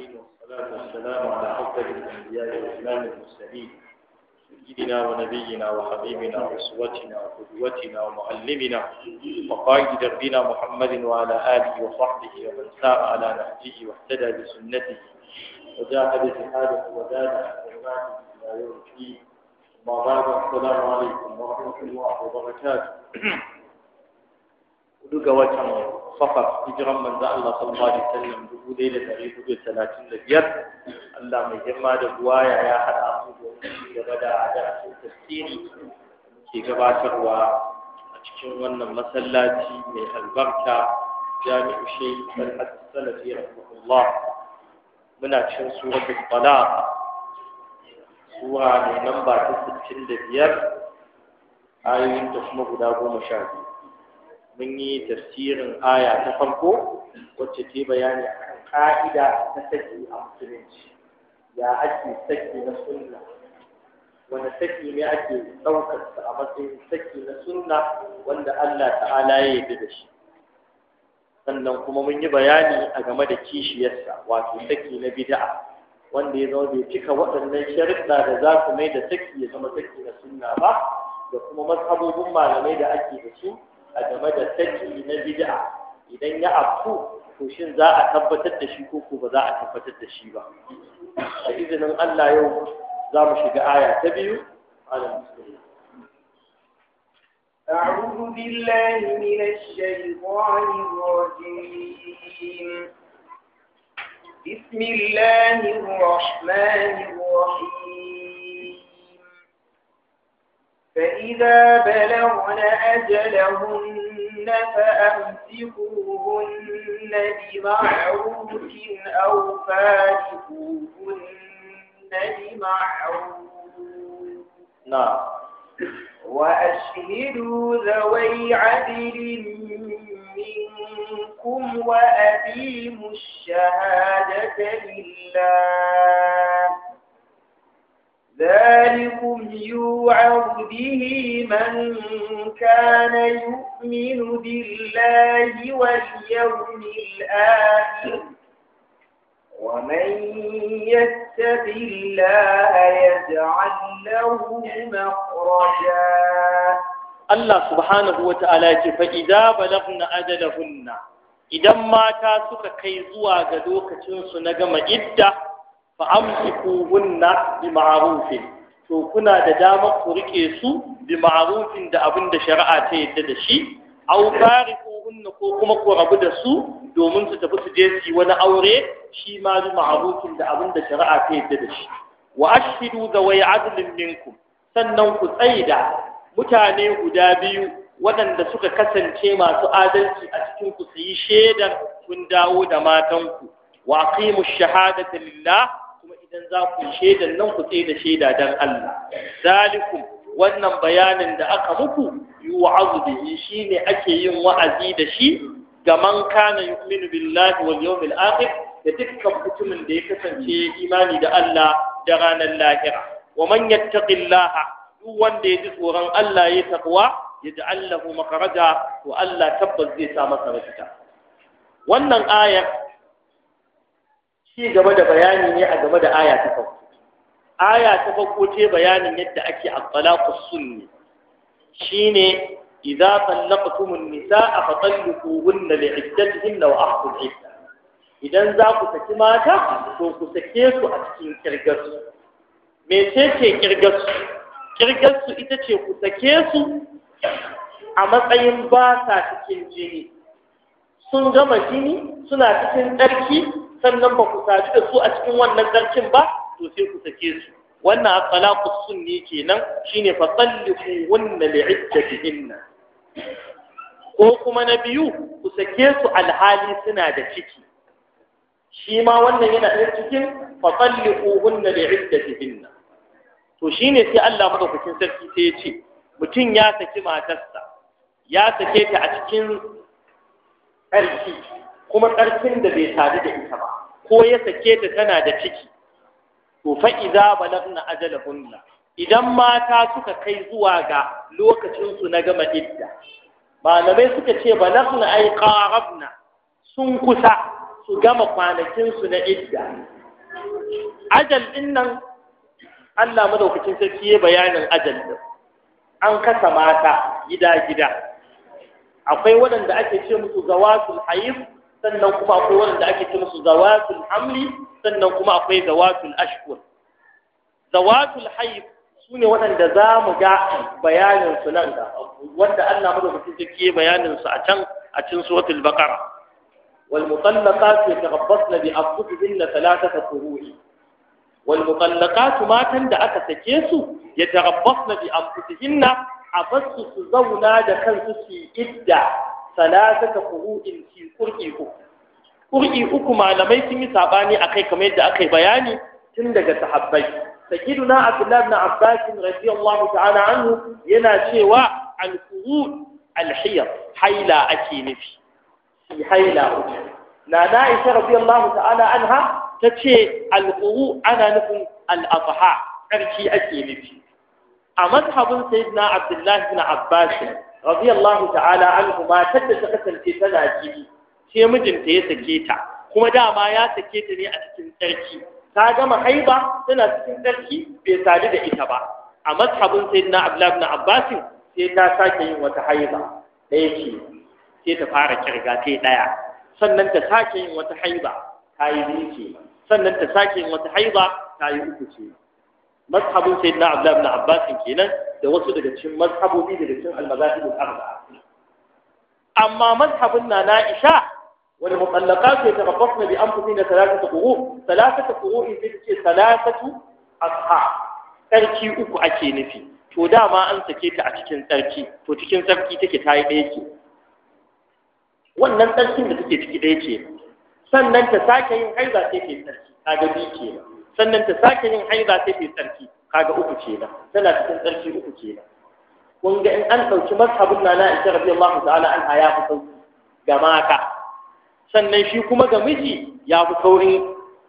العالمين والصلاة والسلام على حفظ الأنبياء والإمام المرسلين سيدنا ونبينا وحبيبنا وأسوتنا وقدوتنا ومعلمنا وقائد دربنا محمد وعلى آله وصحبه ومن سار على نهجه واهتدى بسنته وجاهد جهاده وزاد حسناته إلى يوم الدين أما بعد السلام عليكم ورحمة الله وبركاته. Duka watan safar hijiran manzo Allah sallallahu alaihi wasallam dubu ɗaya da ɗari hudu da talatin da biyar Allah mai girma da buwaya ya haɗa mu domin ci gaba da darasin tafsiri ke gabatarwa a cikin wannan masallaci mai albarka jami'u shehu talhat salafi rahimahullah muna cikin suratul talaq sura mai namba ta sittin da biyar ayoyin ta kuma guda goma sha biyu mun yi tafsirin aya ta farko wacce ke bayani akan ka'ida ta saki a musulunci ya ake saki na sunna wani saki ne ake ɗaukarsa a matsayin saki na sunna wanda Allah ta'ala ya yi da shi sannan kuma mun yi bayani a game da kishiyarsa wato saki na bid'a wanda ya zama bai cika waɗannan sharuɗa da za su mai da saki ya zama saki na sunna ba da kuma mazhabobin malamai da ake da su a game da saki na bid'a idan ya afku to shin za a tabbatar da shi ko ba za a tabbatar da shi ba da izinin Allah yau za mu shiga aya ta biyu ala أعوذ بالله من الشيطان الرجيم بسم الله الرحمن الرحيم فإذا بلغن أجلهن فأمسكوهن بمعروف أو فارقوهن بمعروف نعم وأشهدوا ذوي عدل منكم وأقيموا الشهادة لله ذلكم يوعظ به من كان يؤمن بالله واليوم الآخر ومن يتق الله يجعل له مخرجا الله سبحانه وتعالى فإذا بلغن أجلهن إذا ما تاسك كي زواج لوكة سنجم إده fa amsikuhunna bi to kuna da damar ku rike su bi ma'rufin da abin da shari'a ta yadda da shi aw fariquhunna ko kuma ku rabu da su domin su tafi su je su wani aure shi ma bi ma'rufin da abin da shari'a ta yadda da shi wa ashhidu zawai adlin minkum sannan ku tsaida mutane guda biyu waɗanda suka kasance masu adalci a cikin ku su yi shaidar kun dawo da matanku wa aqimu shahadata lillah idan za ku shaidan nan ku tsaye da shaida dan Allah zalikum wannan bayanin da aka muku yu'azu shi shine ake yin wa'azi da shi ga man kana yu'minu billahi wal akhir da dukkan mutumin da ya kasance imani da Allah da ranar lahira wa man yattaqillaha duk wanda ya ji tsoron Allah ya ya yaj'al allah makaraja to Allah tabbas zai sa masa mafita wannan ayar ci gaba da bayani ne a game da aya ta farko aya ta farko ce bayanin yadda ake at-talaqu sunni shine idza talaqtum nisaa fa talliquhunna li'iddatihinna wa ahqu idda idan za ku saki mata to ku sake su a cikin kirgasu me ce ce kirgasu kirgasu ita ce ku sake su a matsayin ba sa cikin jini sun gama jini suna cikin tsarki sannan ba ku sadu da su a cikin wannan zarcin ba to sai ku sake su wannan at-talaqu sunni kenan shine fa talliqu wanna li'iddatihinna ko kuma na biyu ku sake su alhali suna da ciki shi ma wannan yana ɗaya cikin fa talliqu wanna li'iddatihinna to shine sai Allah madaukakin sarki sai ya ce mutum ya saki matarsa ya sake ta a cikin ƙarfi kuma ƙarfin da bai sadu da ita ba ko ya sake ta tana da ciki to fa iza balagna ajalahunna idan mata suka kai zuwa ga lokacin su na gama idda malamai suka ce balagna ay qarabna sun kusa su gama kwanakin su na idda ajal din Allah madaukakin sarki ya bayanin ajal din an kasa mata gida gida akwai waɗanda ake ce musu zawatul hayyib sannan kuma akwai wanda ake ce musu zawatul hamli sannan kuma akwai zawatul ashkur zawatul haif su ne waɗanda za mu ga bayaninsu nan da wanda Allah madaukakin sarki bayanin su a can a cikin suratul baqara والمطلقات يتربصن بأنفسهن ثلاثة قروء والمطلقات ما bi أكا سكيسو يتربصن su zauna da دكان سي idda. salasata furu'in fi qur'i uku qur'i uku malamai sun yi sabani akai kamar yadda aka yi bayani tun daga sahabbai sayyiduna abdullah ibn abbas radiyallahu ta'ala anhu yana cewa al-furu' al-hiyar haila ake nufi fi haila uku na na isha radiyallahu ta'ala anha tace al-quru ana nufin al-adha karki ake nufi a mazhabin sayyidina abdullah ibn abbas radiyallahu ta'ala anhu matar da ta kasance tana jini sai mijinta ya sake ta kuma dama ya sake ta ne a cikin tsarki ta gama haiba tana cikin tsarki bai sadu da ita ba a mazhabin sayyidina abdullahi ibn abbas sai ta sake yin wata haiba ɗaya ce sai ta fara kirga sai ɗaya sannan ta sake yin wata haiba ta yi biyu ce sannan ta sake yin wata haiba ta yi uku ce mazhabin sayyidina abdullahi ibn abbas kenan da wasu daga cikin mazhabobi daga cikin almazahibul arba'a amma mazhabin na na'isha wani wal mutallaqat yatarabbasna bi anfusihinna thalathata quru thalathata quru in ce thalathatu ashab tsarki uku ake nufi to dama an sake ta a cikin tsarki to cikin tsarki take tayi ɗaya ke wannan tsarkin da take ciki ɗaya ce sannan ta sake yin haiza sai ta yi tsarki kaga bi ke sannan ta sake yin haiza sai ta yi tsarki kaga uku kenan tana cikin tsarki uku kenan kun ga in an ɗauki mazhabin nana isa radiyallahu ta'ala anha ya fi sauki ga mata sannan shi kuma ga miji ya fi saurin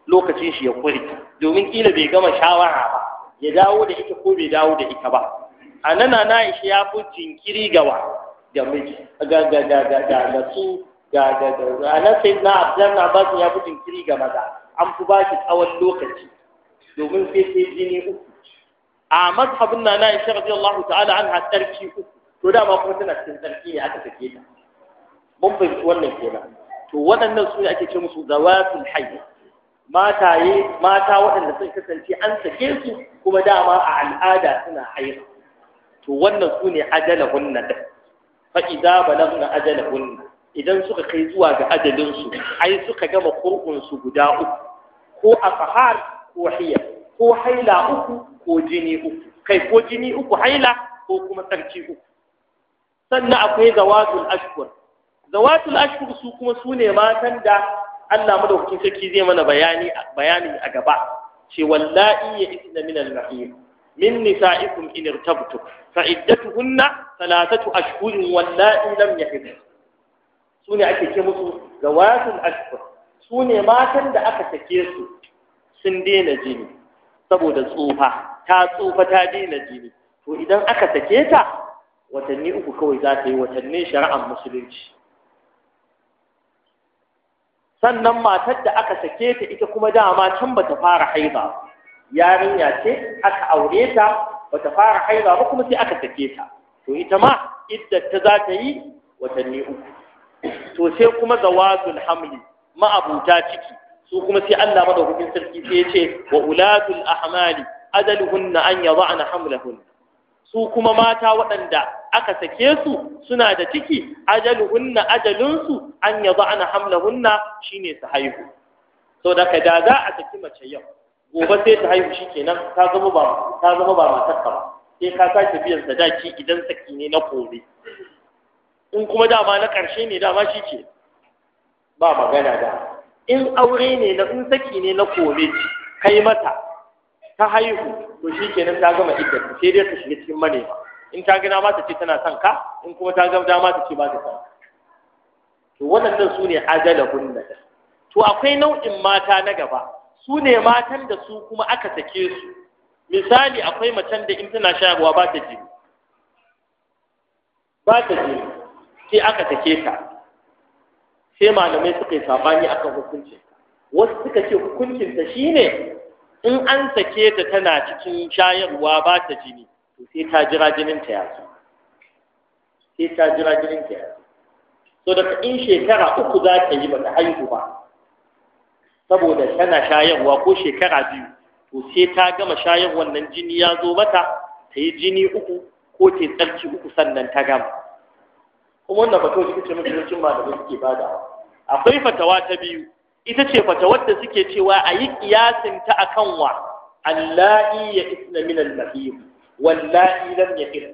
lokacin shi ya kure. domin kila bai gama shawara ba ya dawo da ita ko bai dawo da ita ba a nana na ishe ya fi jinkiri gawa ga miji ga ga ga ga ga ga su ga ga ga a nan sai na abdan na basu ya fi jinkiri ga maza an fi ba shi tsawon lokaci domin sai sai jini uku a mazhabin na Aisha radiyallahu ta'ala an tsarki uku to dama kuma tana cikin tsarki ne aka sake ta mun fahimci wannan kenan to waɗannan su ne ake ce musu zawatul hayy mataye mata waɗanda sun kasance an sake su kuma dama a al'ada suna haira to wannan su ne ajalahunna da fa idza balagna ajalahunna idan suka kai zuwa ga ajalinsu ai suka gama kurkunsu guda uku ko afahar ko hiya ko haila uku ko jini uku kai ko jini uku haila ko kuma sarki uku sannan akwai zawatul ashkur zawatul ashkur su kuma su ne matan da Allah madaukakin sarki zai mana bayani bayani a gaba ce wallahi ya isna min al-mahir min nisa'ikum in irtabtu fa iddatuhunna thalathatu ashhurin wallahi lam yahid su ne ake ce musu zawatul ashkur su ne matan da aka sake su sun daina jini saboda tsufa ta tsufa ta daina jini to idan aka sake ta watanni uku kawai za ta yi watanni shari'ar musulunci sannan matar da aka sake ta ita kuma dama can bata fara haiba yarinya ce aka aure ta bata fara haiba ba kuma sai aka sake ta to ita ma iddar ta za ta yi watanni uku to sai kuma zawazul hamli ma'abuta ciki su kuma sai Allah madaukakin sarki sai ya ce wa ulatul ahmali adaluhunna an yadhana hamlahun su kuma mata waɗanda aka sake su suna da ciki ajaluhunna ajalunsu an yadhana hamlahunna shine su haihu so da ka da za a saki mace yau gobe sai ta haihu shikenan ta zama ba ta zama ba mata ka sai ka sake biyan sadaki idan saki ne na kore in kuma dama na ƙarshe ne dama shi ce ba magana da in aure ne na in saki ne na kome kai mata ta haihu to shi kenan ta gama iddar sai dai ta shiga cikin manema in ta gina mata ce tana son ka in kuma ta gama dama ta ce ba ta son to waɗannan su ne ajala hunna to akwai nau'in mata na gaba su ne matan da su kuma aka sake su misali akwai macen da in tana shayarwa ba ta jini ba ta jini sai aka sake ta sai malamai suka yi sabani akan hukuncin wasu suka ce hukuncin ta shi ne. in an sake ta tana cikin shayarwa ba ta jini to sai ta jira jinin ta ya zo sai ta jira jinin ta ya zo so daga in shekara uku za ta yi bata haihu ba saboda tana shayarwa ko shekara biyu to sai ta gama shayar wannan jini ya zo mata ta yi jini uku ko ta yi tsarki uku sannan ta gama kuma wannan fatawa ita ce mutuncin malamai suke badawa akwai fatawa ta biyu ita ce fatawar da suke cewa a yi kiyasin ta kan wa allahi ya isna min al-mahib wallahi lam yaqil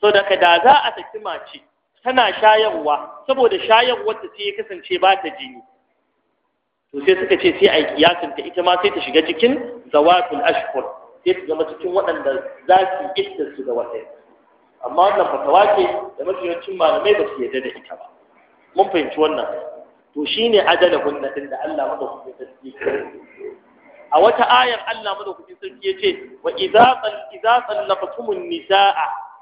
so daga da za a saki mace tana shayarwa saboda shayarwar ta sai kasance ba ta jini to sai suka ce sai a yi kiyasin ta ita ma sai ta shiga cikin zawatul ashhur sai ta zama cikin waɗanda za su yi su ga wata amma wannan fatawa ce da mafi yawancin malamai ba su yarda da ita ba mun fahimci wannan to shine adala hunna din da Allah madaukakin sarki a wata ayar Allah madaukakin sarki ce, wa 'Iza sal idza sallaqtumun nisaa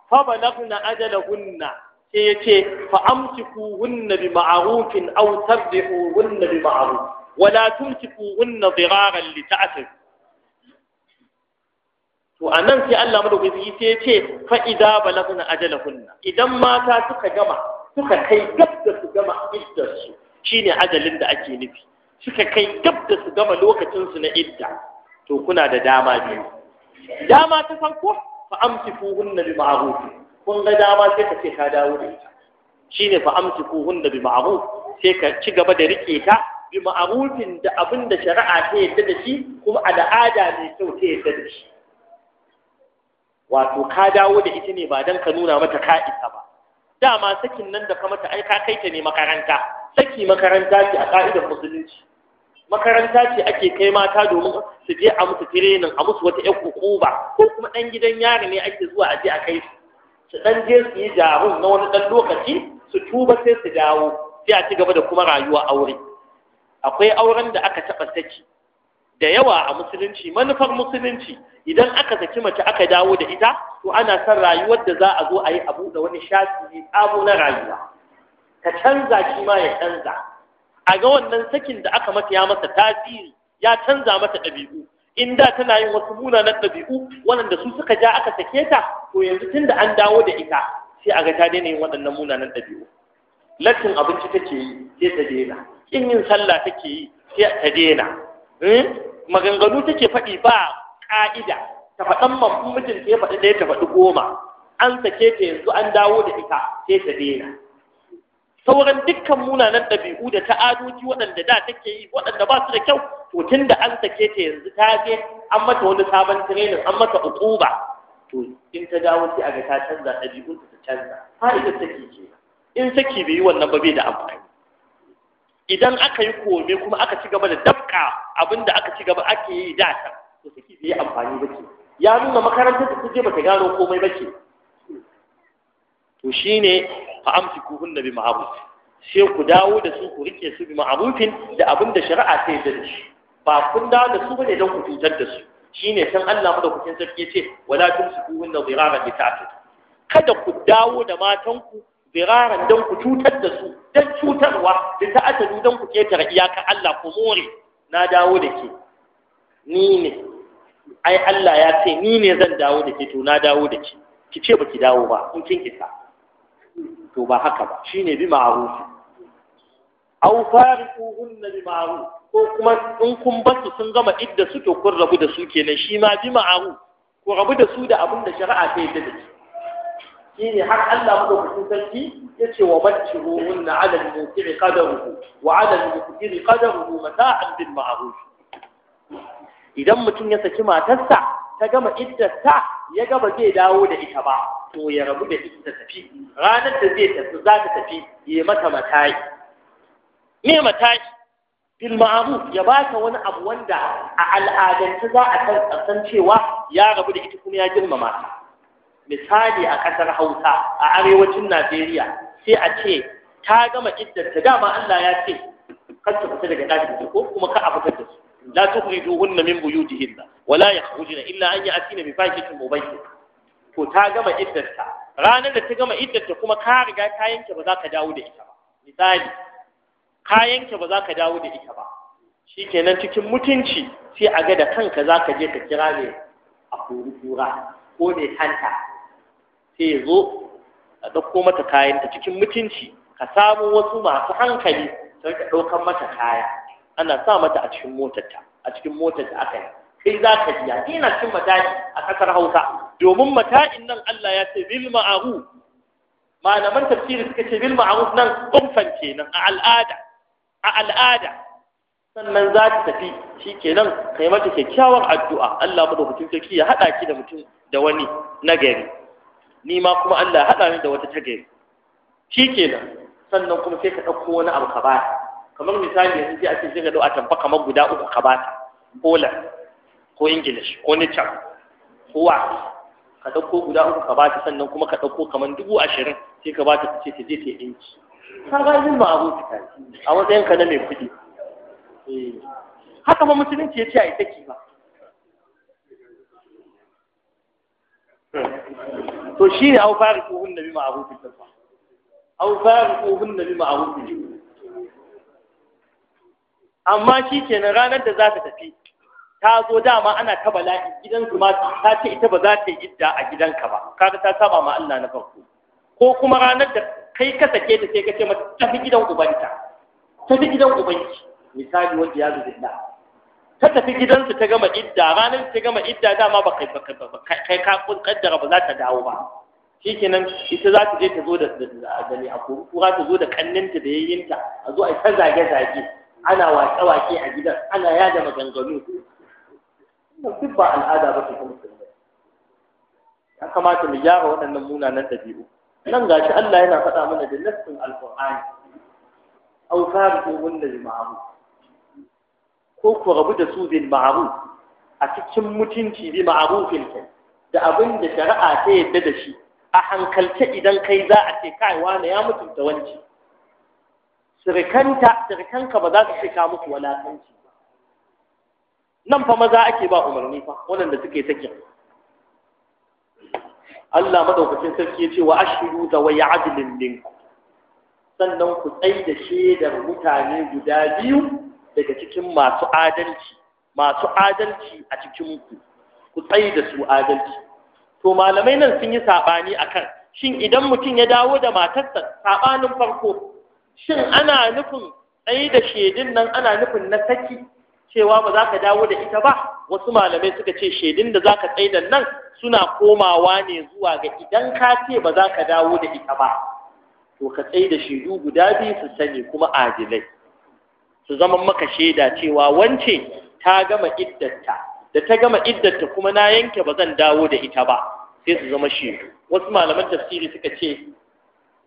fa balagna ajalahunna sai yace fa amsikuhunna bi ma'rufin aw tardihuhunna bi ma'ruf wala tumsikuhunna diraran li ta'tib to anan sai Allah madaukakin sarki sai yace fa idza balagna ajalahunna idan mata suka gama suka kai gab da su gama iddar su Shi ne ajalin da ake nufi suka kai gab da su gama lokacinsu na idda to kuna da dama biyu dama ta farko fa na bi ma'ruf kun ga dama sai ka ce ka dawo da ita Shi ne fa amsikuhunna bi ma'ruf sai ka ci gaba da rike ta bi ma'rufin da abin da shari'a ta yadda da shi kuma al'ada mai kyau ta yadda da shi wato ka dawo da ita ne ba dan ka nuna mata ka isa ba dama sakin nan da ka mata ai ka kai ne makaranta saki makaranta ce a ƙa'idar musulunci makaranta ce ake kai mata domin su je a musu tirenin a musu wata ƴan ko kuma ɗan gidan yari ne ake zuwa a je a kai su su ɗan je su yi jarun na wani ɗan lokaci su tuba sai su dawo sai a ci gaba da kuma rayuwa aure akwai auren da aka taɓa saki da yawa a musulunci manufar musulunci idan aka saki mace aka dawo da ita to ana son rayuwar da za a zo a yi a buɗe wani shafi ne tsamo na rayuwa ka canza shi ma ya canza a ga wannan sakin da aka mata ya masa tasiri ya canza mata ɗabi'u in da tana yin wasu munanan ɗabi'u waɗanda su suka ja aka sake ta to yanzu tun da an dawo da ita sai a ga ta daina yin waɗannan munanan ɗabi'u Lattin abinci take yi sai ta daina kin yin sallah take yi sai ta daina hmm? maganganu take faɗi ba ƙa'ida ta faɗan mamfin mijinta ya faɗi ɗaya ta faɗi goma an sake ta yanzu an dawo da ita sai ta daina sauran dukkan munanan ɗabi'u da ta'adoji waɗanda da take yi waɗanda ba su da kyau to tun da an sake ta yanzu ta je an mata wani sabon tirenin an mata uquba to in ta dawo sai a ga ta canza ɗabi'un ta canza fa'idar saki ke in saki bai yi wannan ba bai da amfani idan aka yi kome kuma aka ci gaba da dabka abinda aka ci gaba ake yi da ta to saki bai yi amfani ba ke ya nuna makarantar da ta je bata gano komai ba ke to amsi kuhun na bi ma'ruf sai ku dawo da su ku rike su bi ma'rufin da abin da shari'a ta yarda da shi ba kun dawo da su bane don ku cutar da su Shi ne san Allah madaukakin sarki ce, wala tun su kuhun da dhiraran lita'tid kada ku dawo da matanku biraran don ku cutar da su don cutarwa da ta'atadu don ku ketare iyaka Allah ku more na dawo da ke ni ne ai Allah ya ce ni ne zan dawo da ke to na dawo da ke ki ce baki dawo ba in kin kisa. to ba haka ba shine bi ma'ruf aw fariquhunna bi ma'ruf ko kuma in kun basu sun gama idda su to kun rabu da su kenan shi ma bi ma'ruf ko rabu da su da abin da shari'a ta yadda da shi shine har Allah madaukakin sarki yace wa mattihuhunna 'ala al-muti'i qadaruhu wa 'ala al-muqdiri qadaruhu mata'an bil ma'ruf idan mutum ya saki matarsa ta gama iddarta ya gaba zai dawo da ita ba to ya rabu da ita tafi ranar da zai tafi za ta tafi ya mata mataki. me mataki? fil ma'ruf ya bata wani abu wanda a al'adance za a san cewa ya rabu da ita kuma ya girmama ta misali a ƙasar Hausa a arewacin Najeriya sai a ce ta gama iddar ta dama Allah ya ce kar ta fita daga ɗakin ko kuma ka a da su la tukhrijuhunna min buyutihinna wala yakhrujuhunna illa an ya'tina bi fahishatin mubayyinah to ta gama iddarta ranar da ta gama iddarta kuma ka riga ka yanke ba za ka dawo da ita ba misali ka yanke ba za ka dawo da ita ba shikenan cikin mutunci sai a ga da kanka za ka je ka kira ne a kura ko ne hanta. sai ya zo a ɗauko mata kayan ta cikin mutunci ka samo wasu masu hankali sai ka ɗaukar mata kaya ana sa mata a cikin motarta a cikin motar da aka yi kai za ka biya ina cin mataki a ƙasar hausa domin mata'in nan Allah ya ce bil ma'ahu malaman tafsiri suka ce bil ma'ahu nan kumfan kenan a al'ada a al'ada sannan za ta tafi kenan kai mata kyakkyawar addu'a Allah madaukakin sarki ya hada ki da mutum da wani nagari ni ma kuma Allah ya hada ni da wata tagari kenan sannan kuma sai ka dauko wani abu ka bata kamar misali yanzu sai a ce zai ka a tamfa kamar guda uku ka bata Poland ko English ko Nichar ko wa ka ɗauko guda uku ka bata sannan kuma ka ɗauko kamar dubu ashirin sai ka bata ta ce ta je ta ɗinki ka ga yin ma abu a matsayin ka na mai kuɗi eh, haka ba musulunci ya ce a yi saki ba to shi ne au fara ko hunna bi ma abu ta ba au fara ko hunna bi ma abu ta amma shi kenan ranar da za ta tafi ta zo dama ana ta bala'i gidansu ma ta ce ita ba za ta yi idda a gidanka ba kaga ta saba ma Allah na farko ko kuma ranar da kai ka sake ta sai ka ce mata tafi gidan ubanta tafi gidan ubanki misali wanda ya zuwa ta tafi gidansu ta gama idda ranar ta gama idda dama ba kai kai ka kaddara ba za ta dawo ba shikenan ita za ta je ta zo da da ne a kura ta zo da kanninta da yayyinta a zo a ta zage zage ana wake wake a gidan ana yada maganganu duk ba al'ada ba ce ta musulmai ya kamata mu gyara waɗannan munanan ɗabi'u nan gashi Allah yana faɗa mana da nassin alqur'ani aw fariqu wanda da ma'ruf ko ku rabu da su bil ma'ruf a cikin mutunci bi ma'rufin da abin da shari'a ta yadda da shi a hankalce idan kai za a ce kai wani ya mutunta wanci sirikanta ba za ka ce ka musu walakanci nan fa maza ake ba umarni fa waɗanda suke saki Allah madaukakin sarki ya ce wa ashiru da wai adilin linku sannan ku tsai da shaidar mutane guda biyu daga cikin masu adalci masu adalci a cikin ku ku tsai da su adalci to malamai nan sun yi sabani akan shin idan mutum ya dawo da matarsa sabanin farko shin ana nufin tsai da shaidun nan ana nufin na saki cewa ba za ka dawo da ita ba wasu malamai suka ce shaidun da za ka da nan suna komawa ne zuwa ga idan ka ce ba za ka dawo da ita ba to ka da shaidu guda biyu su sani kuma adilai su zama maka shaida cewa wance ta gama iddarta da ta gama iddarta kuma na yanke ba zan dawo da ita ba sai su zama shaidu wasu malaman tafsiri suka ce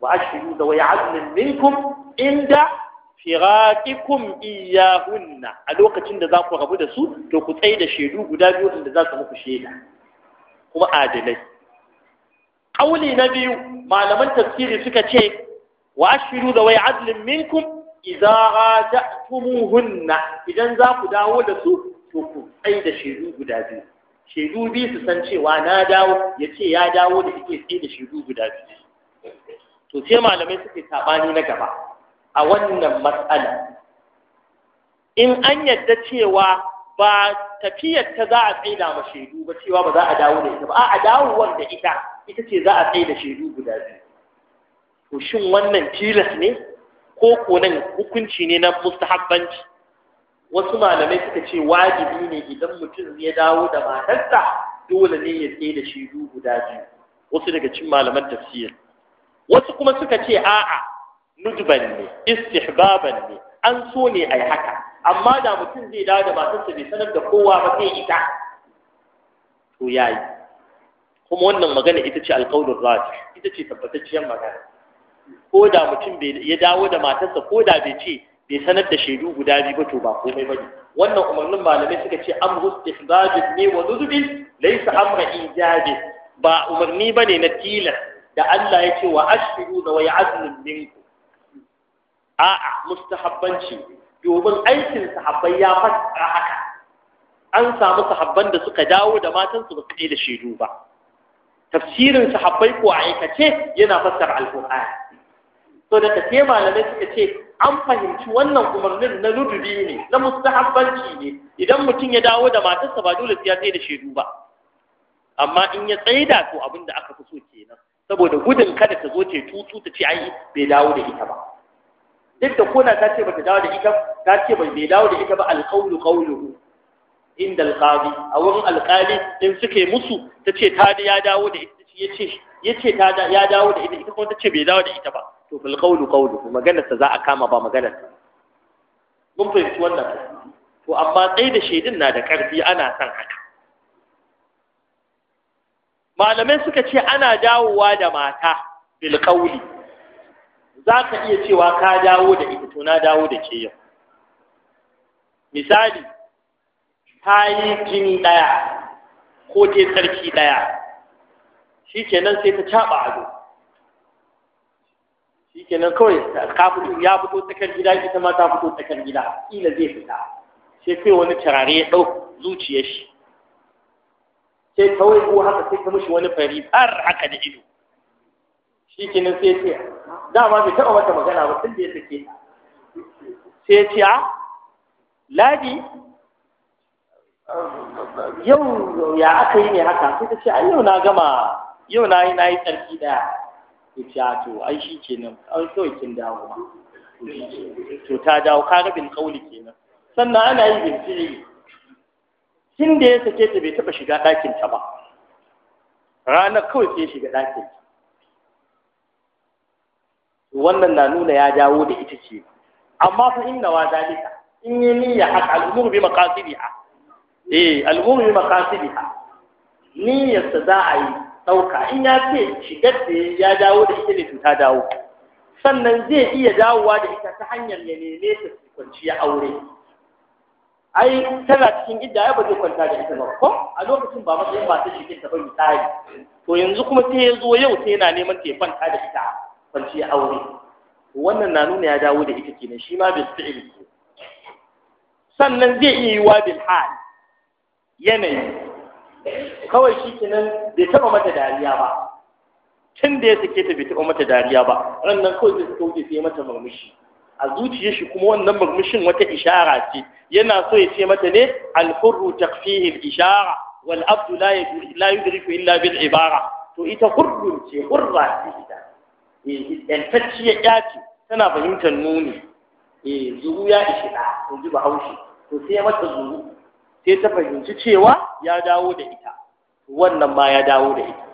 wa ashiru da wa ya'adlin minkum inda firaqikum iyahunna a lokacin da za ku rabu da su to ku tsaye da shaidu guda biyu da za su muku shaida kuma adalai Ƙauli na biyu malaman tafsiri suka ce wa ashiru da wai adlin minkum idza raja'tumuhunna idan za ku dawo da su to ku tsaye da shaidu guda biyu shaidu biyu su san cewa na dawo ya ce ya dawo da kike tsaye da shaidu guda biyu to sai malamai suke saɓani na gaba a wannan matsala in an yadda cewa ba tafiyar ta za a tsaida ma shaidu ba cewa ba za a dawo da ita ba a dawowar da ita ita ce za a tsaida shaidu guda biyu to shin wannan tilas ne ko ko nan hukunci ne na mustahabbanci wasu malamai suka ce wajibi ne idan mutum ya dawo da matarsa dole ne ya tsaida shaidu guda biyu wasu daga cikin malaman tafsir wasu kuma suka ce a'a nujban ne istihbaban ne an so ne ai haka amma da mutum zai dawo da matarsa bai sanar da kowa ba sai ita to yayi kuma wannan magana ita ce alƙawar rafi ita ce tabbatacciyar magana ko da mutum ya dawo da matarsa ko da bai ce bai sanar da shaidu guda biyu ba to ba komai bane wannan umarnin malamai suka ce amru hibabin ne wa nuzubin laysa amra ijabi ba umarni bane na tilas da Allah ya ce wa da wa ya'zinu minku a'a mustahabbanci domin aikin sahabbai ya fassara haka an samu sahabban da suka dawo da matansu ba su kai da shaidu ba tafsirin sahabbai ko aikace yana fassara alqur'ani so da kace malamai suka ce an fahimci wannan umarnin na ludubi ne na mustahabbanci ne idan mutum ya dawo da matarsa ba dole sai ya tsaye da shaidu ba amma in ya tsaida to abinda aka fi so kenan saboda gudun kada ta zo ce tutu ta ce ai bai dawo da ita ba inda ko kona ta ce bata dawo da ita ta ce bai bai dawo da ita ba alqawlu qawluhu inda alqadi a wurin alqali in suke musu ta ce ta da ya dawo da ita ya ce ta da ya dawo da ita ita kuma ta ce bai dawo da ita ba to fil qawlu qawluhu maganar ta za a kama ba maganar mun fahimci wannan to amma tsaye da shaidin na da ƙarfi ana son haka malamai suka ce ana dawowa da mata bilƙauli za ka iya cewa ka dawo da ita to na dawo da ke yau misali ta yi jini ɗaya ko ta tsarki ɗaya shi kenan sai ta caɓa ado shi kenan kawai ka fito ya fito tsakar gida ita ma ta fito tsakar gida ƙila zai fita sai sai wani turare ya ɗau zuciyar shi sai kawai ko haka sai ta mushi wani fari har haka da ido shi kenan sai ce dama bai taɓa mata magana ba tun da ya sake sai ce a ladi yau ya aka yi ne haka sai ta ce ai yau na gama yau na yi na yi tsarki daya ya ce a to ai shi kenan ai kawai kin dawo ma to ta dawo ka ga bin kauli kenan sannan ana yi bin fi'ili tun da ya sake ta bai taɓa shiga ɗakinta ba ranar kawai sai shiga ta wannan na nuna ya dawo da ita ce amma fa inna wa zalika in yi niyya haka al'umur bi maqasidiha eh al'umur bi maqasidiha niyyar sa za a yi dauka in ya ce shigar da ya dawo da ita ne to ta dawo sannan zai iya dawowa da ita ta hanyar ya neme ta kwanciya aure ai tana cikin idda ya ba zai kwanta da ita ba ko a lokacin ba matsayin ba ta shigin ta ba misali to yanzu kuma sai ya zo yau sai yana neman ta kwanta da ita kwanciya aure wannan na nuna ya dawo da ita kenan shi ma bil fi'l sannan zai iya yiwa bil hal yanayi kawai shi kenan bai taɓa mata dariya ba tun da ya sake ta bai taɓa mata dariya ba ran nan kawai zai kauce sai mata murmushi a zuciyar shi kuma wannan murmushin wata ishara ce yana so ya ce mata ne alhurru takfihi ishara wal abdu la yudriku illa bil ibara to ita hurrun ce hurra ce ita Eh, yantacciyar ya ce tana fahimtar nuni eh zuru ya ishi da in ji bahaushe to sai ya mata zuru sai ta fahimci cewa ya dawo da ita wannan ma ya dawo da ita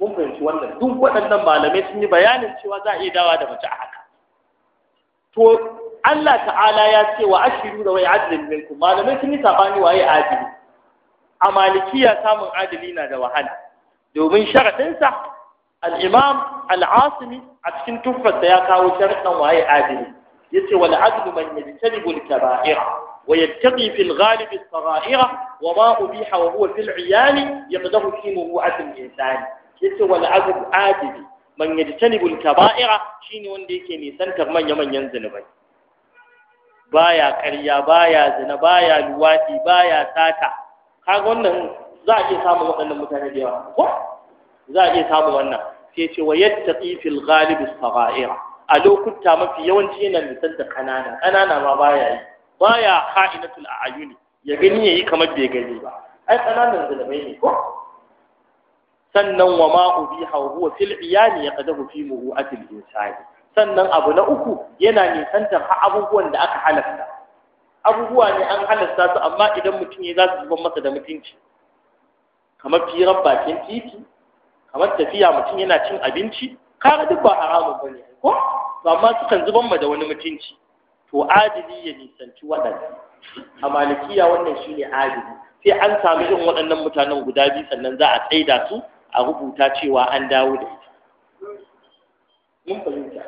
mun fahimci wannan duk waɗannan malamai sun yi bayanin cewa za a iya dawa da mace a haka to Allah ta'ala ya ce wa ashiru da wai adilin minkum malamai sun yi sabani waye adili a malikiya samun adili na da wahala domin sa al-imam a cikin tuffarsa ya kawo sharɗan waye adili yace wal adlu man yajtanibu al-kaba'ir wa ya fi al galibi as wa ma ubiha wa huwa fi al-'iyan yaqdahu fi mu'at al-insan yace wal adlu adili man yajtanibu al-kaba'ir shine wanda yake nisantar manya-manyan zinubai baya ƙarya baya zina baya luwadi baya sata kaga wannan za a iya samun waɗannan mutane da yawa ko za a iya samu wannan sai ce wa yadda fil ghalib as a lokuta mafi yawanci yana nisan da kanana kanana ma baya yi baya kha'inatul a'yuni ya gani yayi kamar bai gani ba ai kananan zalmai ne ko sannan wa ma ubiha huwa fil iyani yaqdahu fi tilbin insani sannan abu na uku yana nisantar abubuwan da aka halasta abubuwa ne an halasta su amma idan mutum ya za su zuba masa da mutunci kamar firar bakin titi kamar tafiya mutum yana cin abinci kaga duk ba haramun ne ko to amma sukan zuban ma da wani mutunci to adili ya nisanci waɗanda, a malikiya wannan shine adili sai an sami irin waɗannan mutanen guda biyu sannan za a tsaida su a rubuta cewa an dawo da ita mun fahimta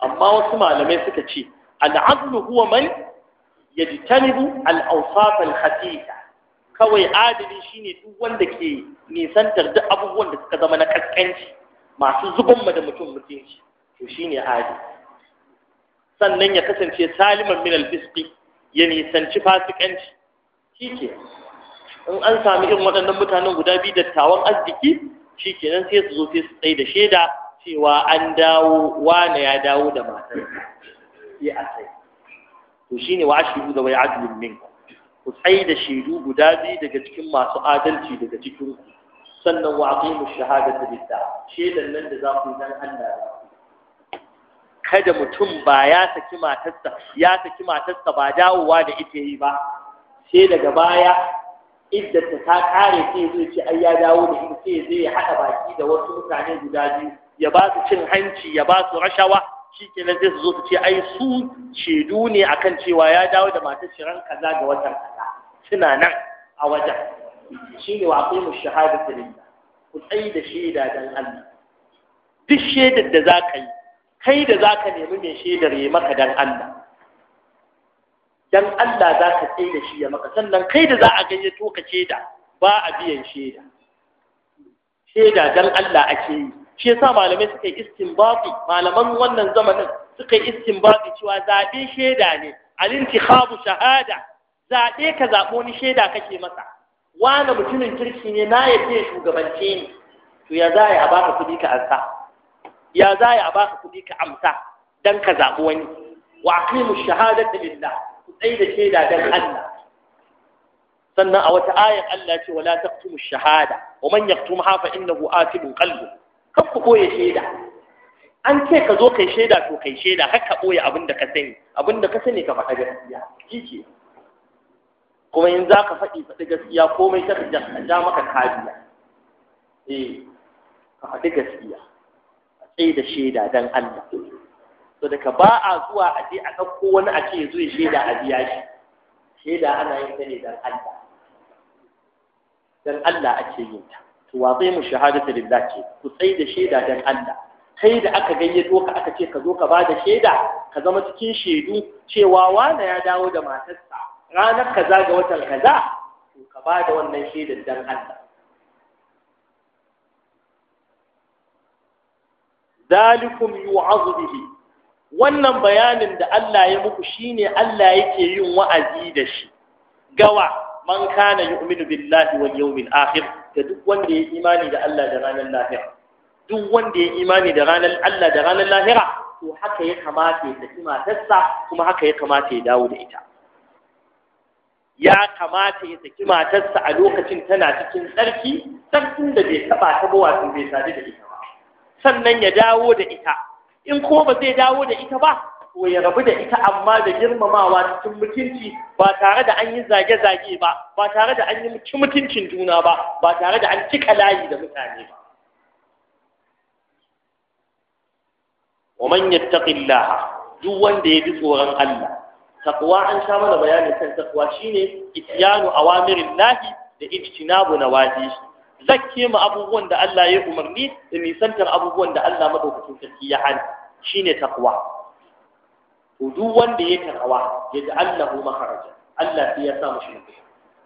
amma wasu malamai suka ce al'adlu huwa man yajtanibu al-awsaf al-khabitha kawai adali shine duk wanda ke nisantar duk abubuwan da suka zama na kaskanci masu zubin da mutum mutunci to shine adali sannan ya kasance saliman min alfisqi ya nisanci fasikanci shike in an sami irin waɗannan mutanen guda biyu dattawan arziki shikenan sai su zo sai su tsaye da shaida cewa an dawo wane ya dawo da matar sai a sai to shine wa ashiru da wai adlun minku ku tsai da shaidu guda biyu daga cikin masu adalci daga cikin ku sannan wa aqimu shahadata billah shaidan nan da za ku yi dan Allah kada mutum ba ya saki matarsa ya saki matarsa ba dawowa da ita yi ba sai daga baya idda ta ta kare sai zai ce ai ya dawo da ita sai zai haɗa baki da wasu mutane guda biyu ya ba su cin hanci ya ba su rashawa shi kenan zai su zo su ce ai su shaidu ne akan cewa ya dawo da matar shirin kaza ga watan kaza suna nan a wajen shi ne wa akwai mu shahada lillah ku tsayi da shaida don Allah duk shaidar da za ka yi kai da za ka nemi mai shaidar ya maka don Allah Don Allah za ka tsaye da shi ya maka sannan kai da za a gayyato ka shaida ba a biyan shaida shaida don Allah ake yi shi yasa malamai suka yi istinbati malaman wannan zamanin suka yi istinbati cewa zaɓe shaida ne al-intikhabu shahada zaɓe ka zaɓo wani shaida kake masa wani mutumin kirki ne na yadda ya shugabance ni to ya za a baka kuɗi ka amsa ya za a baka kuɗi ka amsa dan ka zaɓi wani wa aqimu shahadata lillah ku tsaye da shaida dan Allah sannan a wata ayar Allah ce wala taqtumu shahada wa man yaqtumha fa innahu atibun qalbuhu kar ku ɓoye shaida an ce ka zo kai shaida to kai shaida har ka ɓoye abin da ka sani abin da ka sani ka faɗa gaskiya shi ke kuma in za ka faɗi faɗi gaskiya komai ta ja maka kariya eh ka faɗi gaskiya a tsaye da shaida don Allah to daga ba a zuwa a je a ɗauko wani a ce ya zo ya shaida a biya shi shaida ana yin ta ne don Allah don Allah ake yin ta to mu shahadatu lillah ce ku sai da shaida dan Allah kai da aka gayyato ka aka ce ka zo ka bada shaida ka zama cikin shaidu cewa wani ya dawo da matarsa ranar kaza ga watan kaza to ka bada wannan shaidar dan Allah dalikum yu'azu bihi wannan bayanin da Allah ya muku shine Allah yake yin wa'azi da shi gawa man kana yu'minu billahi wal yawmil akhir da duk wanda ya imani da Allah da ranar lahira duk wanda ya imani da ranar Allah da ranar lahira to haka ya kamata ya saki matarsa kuma haka ya kamata ya dawo da ita ya kamata ya saki matarsa a lokacin tana cikin tsarki tsarkin da bai taba ta ba wato bai sadu da ita ba sannan ya dawo da ita in ko ba zai dawo da ita ba ko ya rabu da ita amma da girmamawa cikin mutunci ba tare da an yi zage-zage ba ba tare da an yi mutuncin juna ba ba tare da an cika layi da mutane ba wa man الله duk wanda ya bi tsoron Allah taqwa an sha mana bayanin kan taqwa shine ityanu awamirin lahi da ijtinabu nawahi zakke mu abubuwan da Allah ya umarni da nisantar abubuwan da Allah madaukakin sarki ya hana shine taqwa Hudu wanda ya karawa ya ji Allahu maharaja Allah fi ya sa shi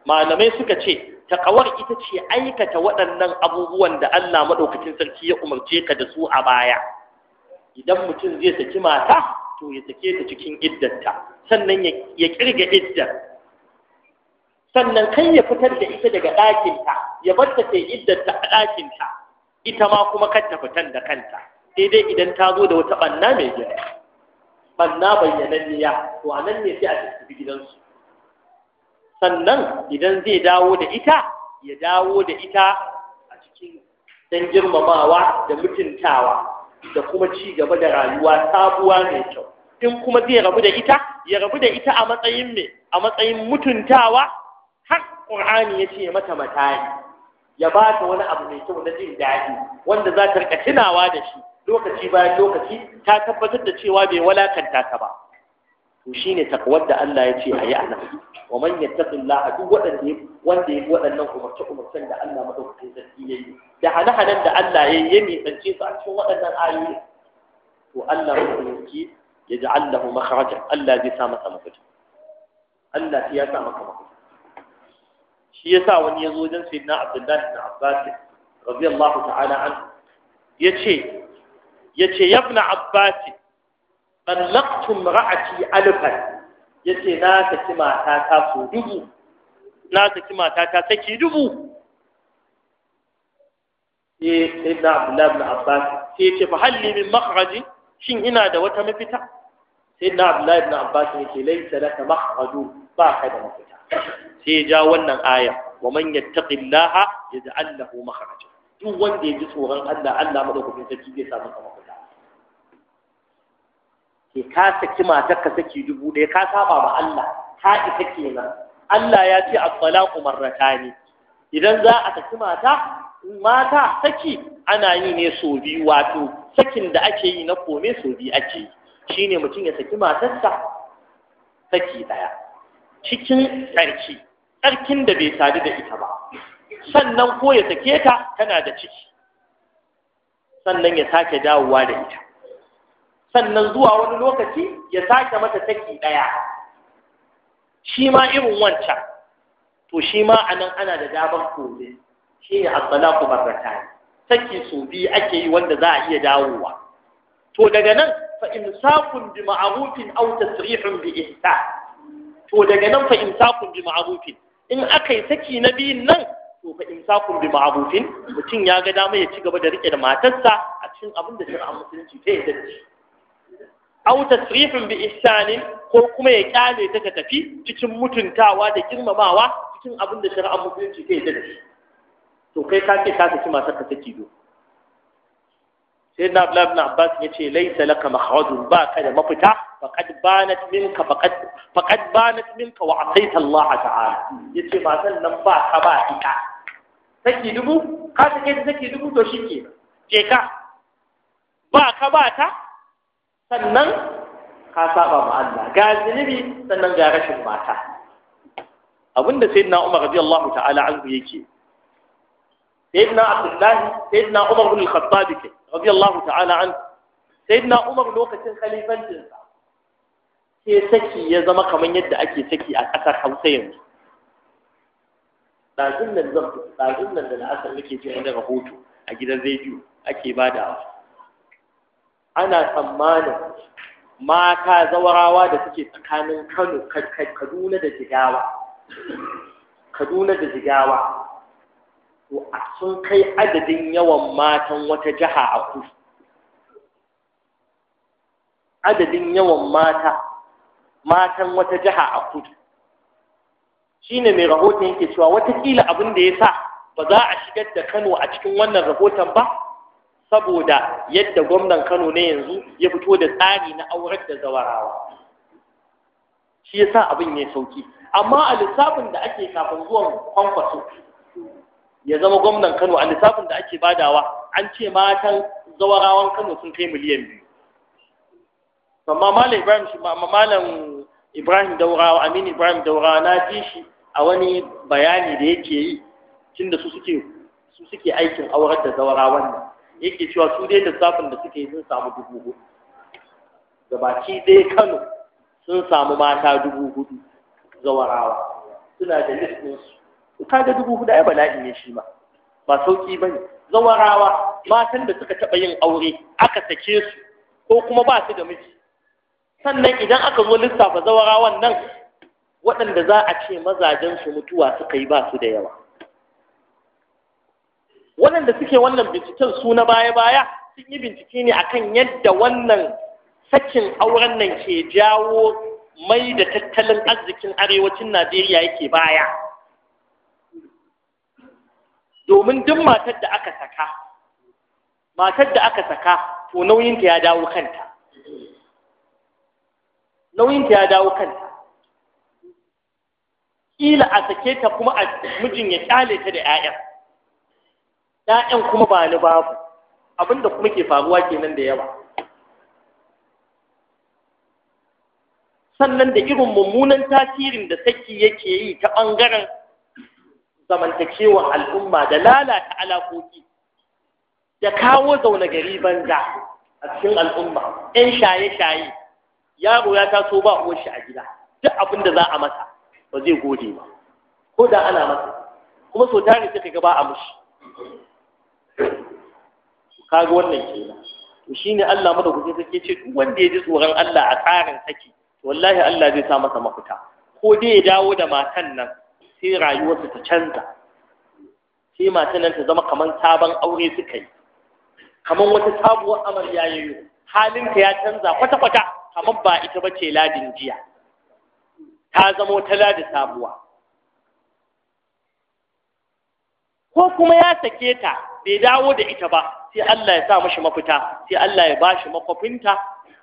malamai suka ce taqawar ita ce aikata waɗannan abubuwan da Allah madaukakin sarki ya umarce ka da su a baya idan mutum zai saki mata to ya sake ta cikin iddanta sannan ya kirga iddan. sannan kan ya fitar da ita daga ɗakinta ya bar ta a ɗakinta ita ma kuma kan ta fitan da kanta sai dai idan ta zo da wata ɓanna mai girma banna bayyananniya to a nan ne sai a tafi gidansu sannan idan zai dawo da ita ya dawo da ita a cikin dan girmamawa da mutuntawa da kuma ci gaba da rayuwa sabuwa mai kyau in kuma zai rabu da ita ya rabu da ita a matsayin me a matsayin mutuntawa har qur'ani ya ce mata matani ya ba ta wani abu mai kyau na jin daɗi wanda za ta rika tunawa da shi lokaci bayan lokaci ta tabbatar da cewa bai walakanta ta ba to shine takwar da Allah ya ce a yi anan wa man yattaqillaha duk waɗanda ya wanda ya waɗannan umarce umarcen da Allah madaukakin sarki ya yi da hane-hanen da Allah ya yi ya mitsance su a cikin waɗannan ayoyi to Allah madaukakin ya ja'al lahu makharajan Allah zai sa masa mafita Allah sai ya sa maka mafita shi sa wani ya zo wajen sayyidina Abdullahi ibn Abbas radiyallahu ta'ala anhu yace yace yabna abbasi tallaqtum ra'ati alfan yace na saki mata ta so dubu na saki mata ta saki dubu eh sayyidina abdullah ibn abbas sai ce fa halli min makhraji shin ina da wata mafita Sai na sayyidina abdullah ibn abbas yace laysa laka makhraju ba ka da mafita sai ya ja wannan aya wa man yattaqillaha yaj'al lahu makhraja duk wanda ya ji tsoron Allah Allah madaukakin sarki zai samu mafita ke ka saki matarka saki dubu ɗaya ka saba ma Allah ta ita kenan Allah ya ce at-talaqu ne. idan za a saki mata mata saki ana yi ne so biyu wato sakin da ake yi na kome so biyu ake yi shine mutum ya saki matarsa saki daya cikin tsarki tsarkin da bai sadu da ita ba sannan ko ya sake ta tana da ciki sannan ya sake dawowa da ita sannan zuwa wani lokaci ya sake mata take ɗaya shi ma irin wancan to shi ma a nan ana da damar kore shi ne ku barrata take su biyu ake yi wanda za a iya dawowa to daga nan fa sakun bi ma'rufin aw tasrihun bi ihsan to daga nan fa imsakun bi ma'rufin in akai saki na biyun nan to fa sakun bi ma'rufin mutum ya ga dama ya ci gaba da rike da matarsa a cikin abin da shari'a musulunci ta yi da shi au tasrihun bi ihsanin ko kuma ya kyale ta ta tafi cikin mutuntawa da girmamawa cikin abin da shari'ar musulunci ke da shi to kai ka ce ka saki matar ka take do sai na abdullahi ibn abbas ya ce laisa laka mahwadun ba ka da mafita faqad banat minka faqad faqad banat minka wa asaita Allah ta'ala yace matan nan ba ka ba ita saki dubu ka sake saki dubu to shi ke ka ba ka ba ta sannan ka saba ma Allah ga zunubi sannan ga rashin mata abinda sayyidina Umar radiyallahu ta'ala anhu yake sayyidina Abdullah sayyidina Umar bin Khattab ke radiyallahu ta'ala anhu sayyidina Umar lokacin khalifancin sa ke saki ya zama kaman yadda ake saki a ƙasar Hausa yanzu ɗazun nan zan ɗazun nan da na asar nake ji wani rahoto a gidan rediyo ake badawa ana tsammanin mata zawarawa da suke tsakanin Kano Kaduna da Jigawa Kaduna da Jigawa to sun kai adadin yawan matan wata jiha a kudu adadin yawan mata matan wata jiha a kudu ne mai rahoton yake cewa watakila abin da ya sa ba za a shigar da Kano a cikin wannan rahoton ba saboda yadda gwamnan Kano ne yanzu ya fito da tsari na aurar da zawarawa shi yasa abin ya sauki amma a lissafin da ake kafin zuwan kwankwaso ya zama gwamnan Kano a lissafin da ake badawa an ce matan zawarawan Kano sun kai miliyan biyu amma malam Ibrahim shi malam Ibrahim Daurawa Aminu Ibrahim Daurawa na ji shi a wani bayani da yake yi tunda su suke su suke aikin aurar da zawarawan nan yake cewa su dai lissafin da suke sun samu dubu hudu baki dai kano sun samu mata dubu hudu zawarawa suna da listinsu ka ga dubu hudu ai bala'i ne shi ma ba sauki ba ne zawarawa matan da suka taɓa yin aure aka sake su ko kuma ba su da miji sannan idan aka zo lissafa zawarawan nan waɗanda za a ce mazajen su mutuwa suka yi ba su da yawa waɗanda suke wannan binciken su na baya-baya sun yi bincike ne akan yadda wannan sakin auren nan ke jawo mai da tattalin arzikin arewacin Najeriya yake baya. Domin duk matar da aka saka, matar da aka saka to nauyinta ya dawo kanta. Nauyinta ya dawo kanta. Ƙila a sake ta kuma a mijin ya ƙyale ta da 'ya'yan. ‘ya'yan kuma ba ni babu abinda kuma ke faruwa kenan da yawa sannan da irin mummunan tasirin da saki yake yi ta ɓangaren zamantakewar al'umma da lalata alakoki, da kawo zaune gari banza a cikin al'umma ‘yan shaye-shaye yaro ya taso ba uwar shi a gida duk abin da za a masa ba zai gode ba ko da ana masa kuma sau tare suka gaba a mushi kaga wannan kenan to shine Allah madaukake sake ce duk wanda ya ji tsoron Allah a tsarin saki wallahi Allah zai sa masa mafita ko dai ya dawo da matan nan sai rayuwarsa ta canza sai matan nan ta zama kamar sabon aure suka yi kamar wata sabuwar amarya halin ta ya canza kwata-kwata kamar ba ita ba ce ladin jiya ta zama ta ladi sabuwa ko kuma ya sake ta bai dawo da ita ba sai Allah ya sa mashi mafita sai Allah ya bashi makwafinta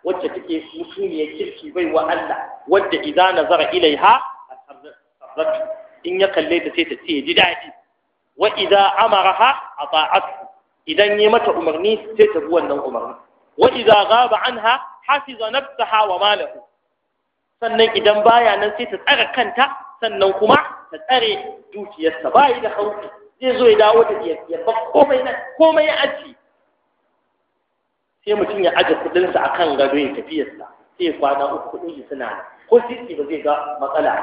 wacce take mutuniyar kirki bai wa Allah wadda idan nazara ilaiha asarratu in ya kalle ta sai ta ce ji daɗi wa idza amaraha ata'atu idan yi mata umarni sai ta bi wannan umarni wa idza ghaba anha hafiza nafsaha wa malahu sannan idan baya nan sai ta tsare kanta sannan kuma ta tsare dukiyarsa bayi da hauki Sai zo ya dawo da ya ba komai komai ya aji sai mutum ya aje kudinsa a kan gado ya tafiyarsa sai ya kwana uku kudin shi suna nan ko sisi ba zai ga matsala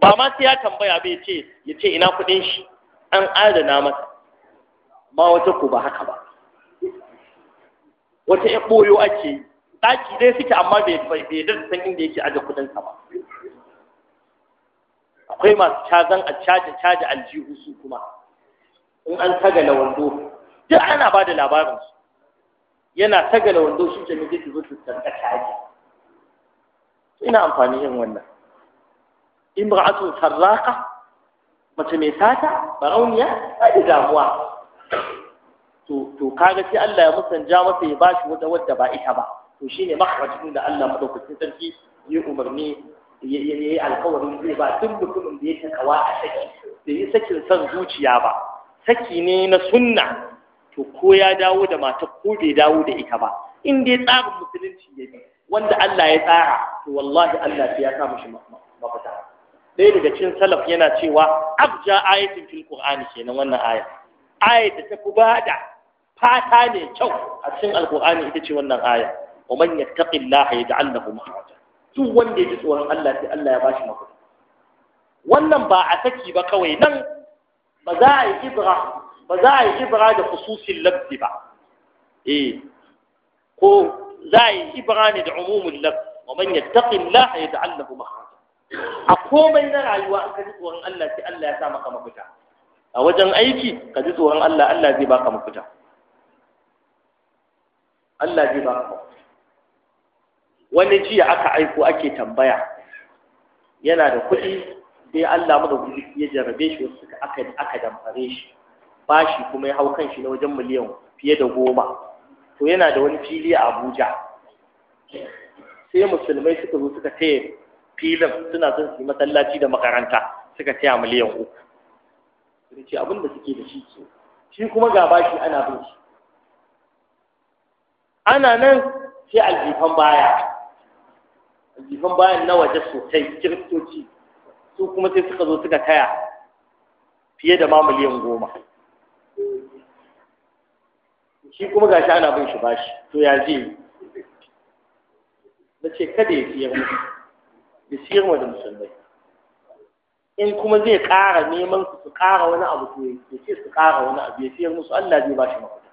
ba ma sai ya tambaya ba ya ce ya ce ina kudin shi an adana masa ma wata ko ba haka ba wata ya ɓoyo ake ɗaki dai suke amma bai bai da san inda yake aje kudinsa ba akwai masu cazan a caja caja aljihu su kuma in an tagala wando duk ana ba da labarin su yana tagala wando shi ke nake zuwa su tanka caji ina amfani yin wannan In ba a tun sarraka? mace mai sata barauniya ba da damuwa to kaga sai Allah ya musanja masa ya bashi wata wadda ba ita ba to shine makhrajin da Allah madaukakin sarki ya umarni ya yi alkawarin zai ba duk mutumin da ya kawa a saki da yi sakin son zuciya ba saki ne na sunna to ko ya dawo da mata ko bai dawo da ita ba in dai tsarin musulunci ya bi wanda Allah ya tsara to wallahi Allah ya sa mishi mafita ɗaya daga cikin salaf yana cewa abja ayatin fil qur'ani kenan wannan aya ayat da ta fi bada fata ne kyau a cikin alqur'ani ita ce wannan aya manyan يتق الله يجعل له مخرجا duk wanda ya ji tsoron Allah sai Allah ya bashi mafita wannan ba a saki ba kawai nan ba za a yi ibra ba za a yi ibra da khususin labdi ba eh ko za a yi ibra ne da umumin labdi wa man yattaqi Allah yaj'alhu makhraja a komai na rayuwa an ka ji tsoron Allah sai Allah ya sa maka mafita a wajen aiki ka ji tsoron Allah Allah zai baka mafita Allah zai baka mafita wani jiya aka aiko ake tambaya yana da kuɗi sai Allah mu da kuɗi ya jarabe shi wasu aka aka damfare shi bashi kuma ya hau kan shi na wajen miliyan fiye da goma to yana da wani fili a Abuja sai musulmai suka zo suka taya filin suna son su yi masallaci da makaranta suka taya miliyan uku sai ce abin da suke da shi ke shi kuma ga bashi ana bin shi ana nan sai aljifan baya jifan bayan na waje sosai kiristoci su kuma sai suka zo suka taya fiye da ma miliyan goma shi kuma gashi ana bin shi bashi to ya je na ce kada ya siyar mu ya siyar mu da musulmai in kuma zai ƙara neman su su ƙara wani abu to ya ce su ƙara wani abu ya siyar musu Allah zai bashi mafi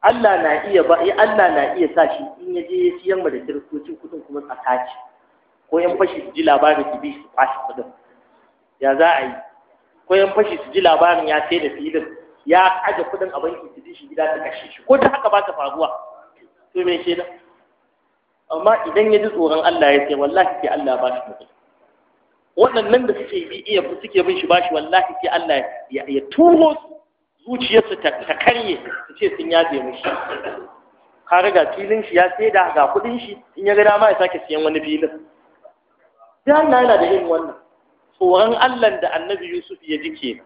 Allah na iya ba eh, Allah na iya sa shi in ya je ya siyar da kiristocin kudin kuma a tace ko yan fashi su ji labarin su bi su kwashe kuɗin ya za a yi ko yan fashi su ji labarin ya sai da filin ya kaje kuɗin a banki su ji shi gida ta kashe shi ko ta haka ba ta faruwa to me ke nan amma idan ya ji tsoron Allah ya ce wallahi sai Allah ba shi mutum waɗannan da suke bi iya suke bin shi ba shi wallahi sai Allah ya turo su zuciyarsu ta karye su ce sun yaje mushi ka riga filin shi ya saida ga kudin shi in ya ga dama ya sake siyan wani filin sai Allah yana da yin wannan tsoron Allah da Annabi Yusuf ya ji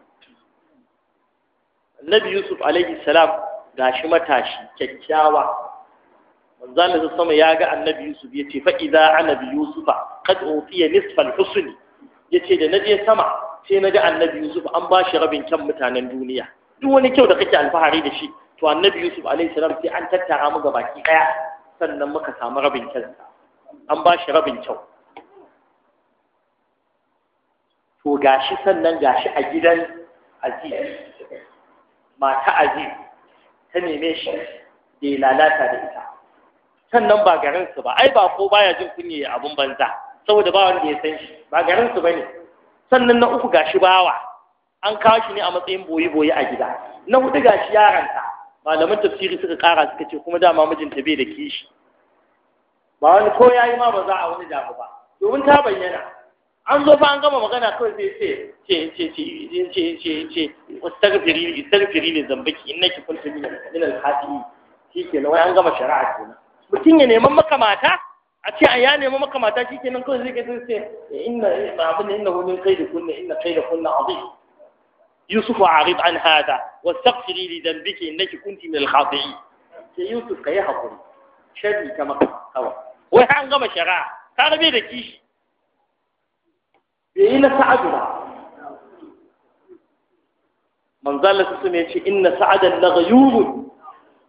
Annabi Yusuf alaihi salam gashi matashi kyakkyawa manzo sama ya ga Annabi Yusuf ya ce fa idza anabi Yusufa qad utiya nisfal husni yace da naje sama sai na ga Annabi Yusuf an ba shi rabin kan mutanen duniya duk wani kyau da kake alfahari da shi to annabi yusuf alaihi salam sai an tattara mu baki daya sannan muka samu rabin kyan an ba shi rabin kyau to gashi sannan gashi a gidan aziz mata aziz ta neme shi da ya lalata da ita sannan ba garinsu ba ai ba ko baya jin kunye abun banza saboda ba wanda ya san shi ba garinsu ba ne sannan na uku gashi bawa an kawo shi ne a matsayin boye-boye a gida na hudu ga shi yaranta malaman tafsiri suka kara suka ce kuma dama mijinta bai da kishi ba wani ko ya yi ma ba za a wani damu ba domin ta bayyana an zo fa an gama magana kawai zai ce ce ce ce ce ce ce istagfiri istagfiri ne zambaki innaki kuntu min al-khati'i shikenan wai an gama shari'a kenan mutum ya neman maka mata a ce a ya nemi maka mata shikenan kawai zai ce inna ma'abun inna hulun kai da kunna inna kai da kunna azim يوسف أعرض عن هذا واستغفري لذنبك إنك كنت من الخاطئين sai Yusuf ka yi haƙuri shari ta maka kawai an gama shari'a ta rabe da kishi bai yi na sa'adu ba manzala su sume ce inna sa'adan la ghayurun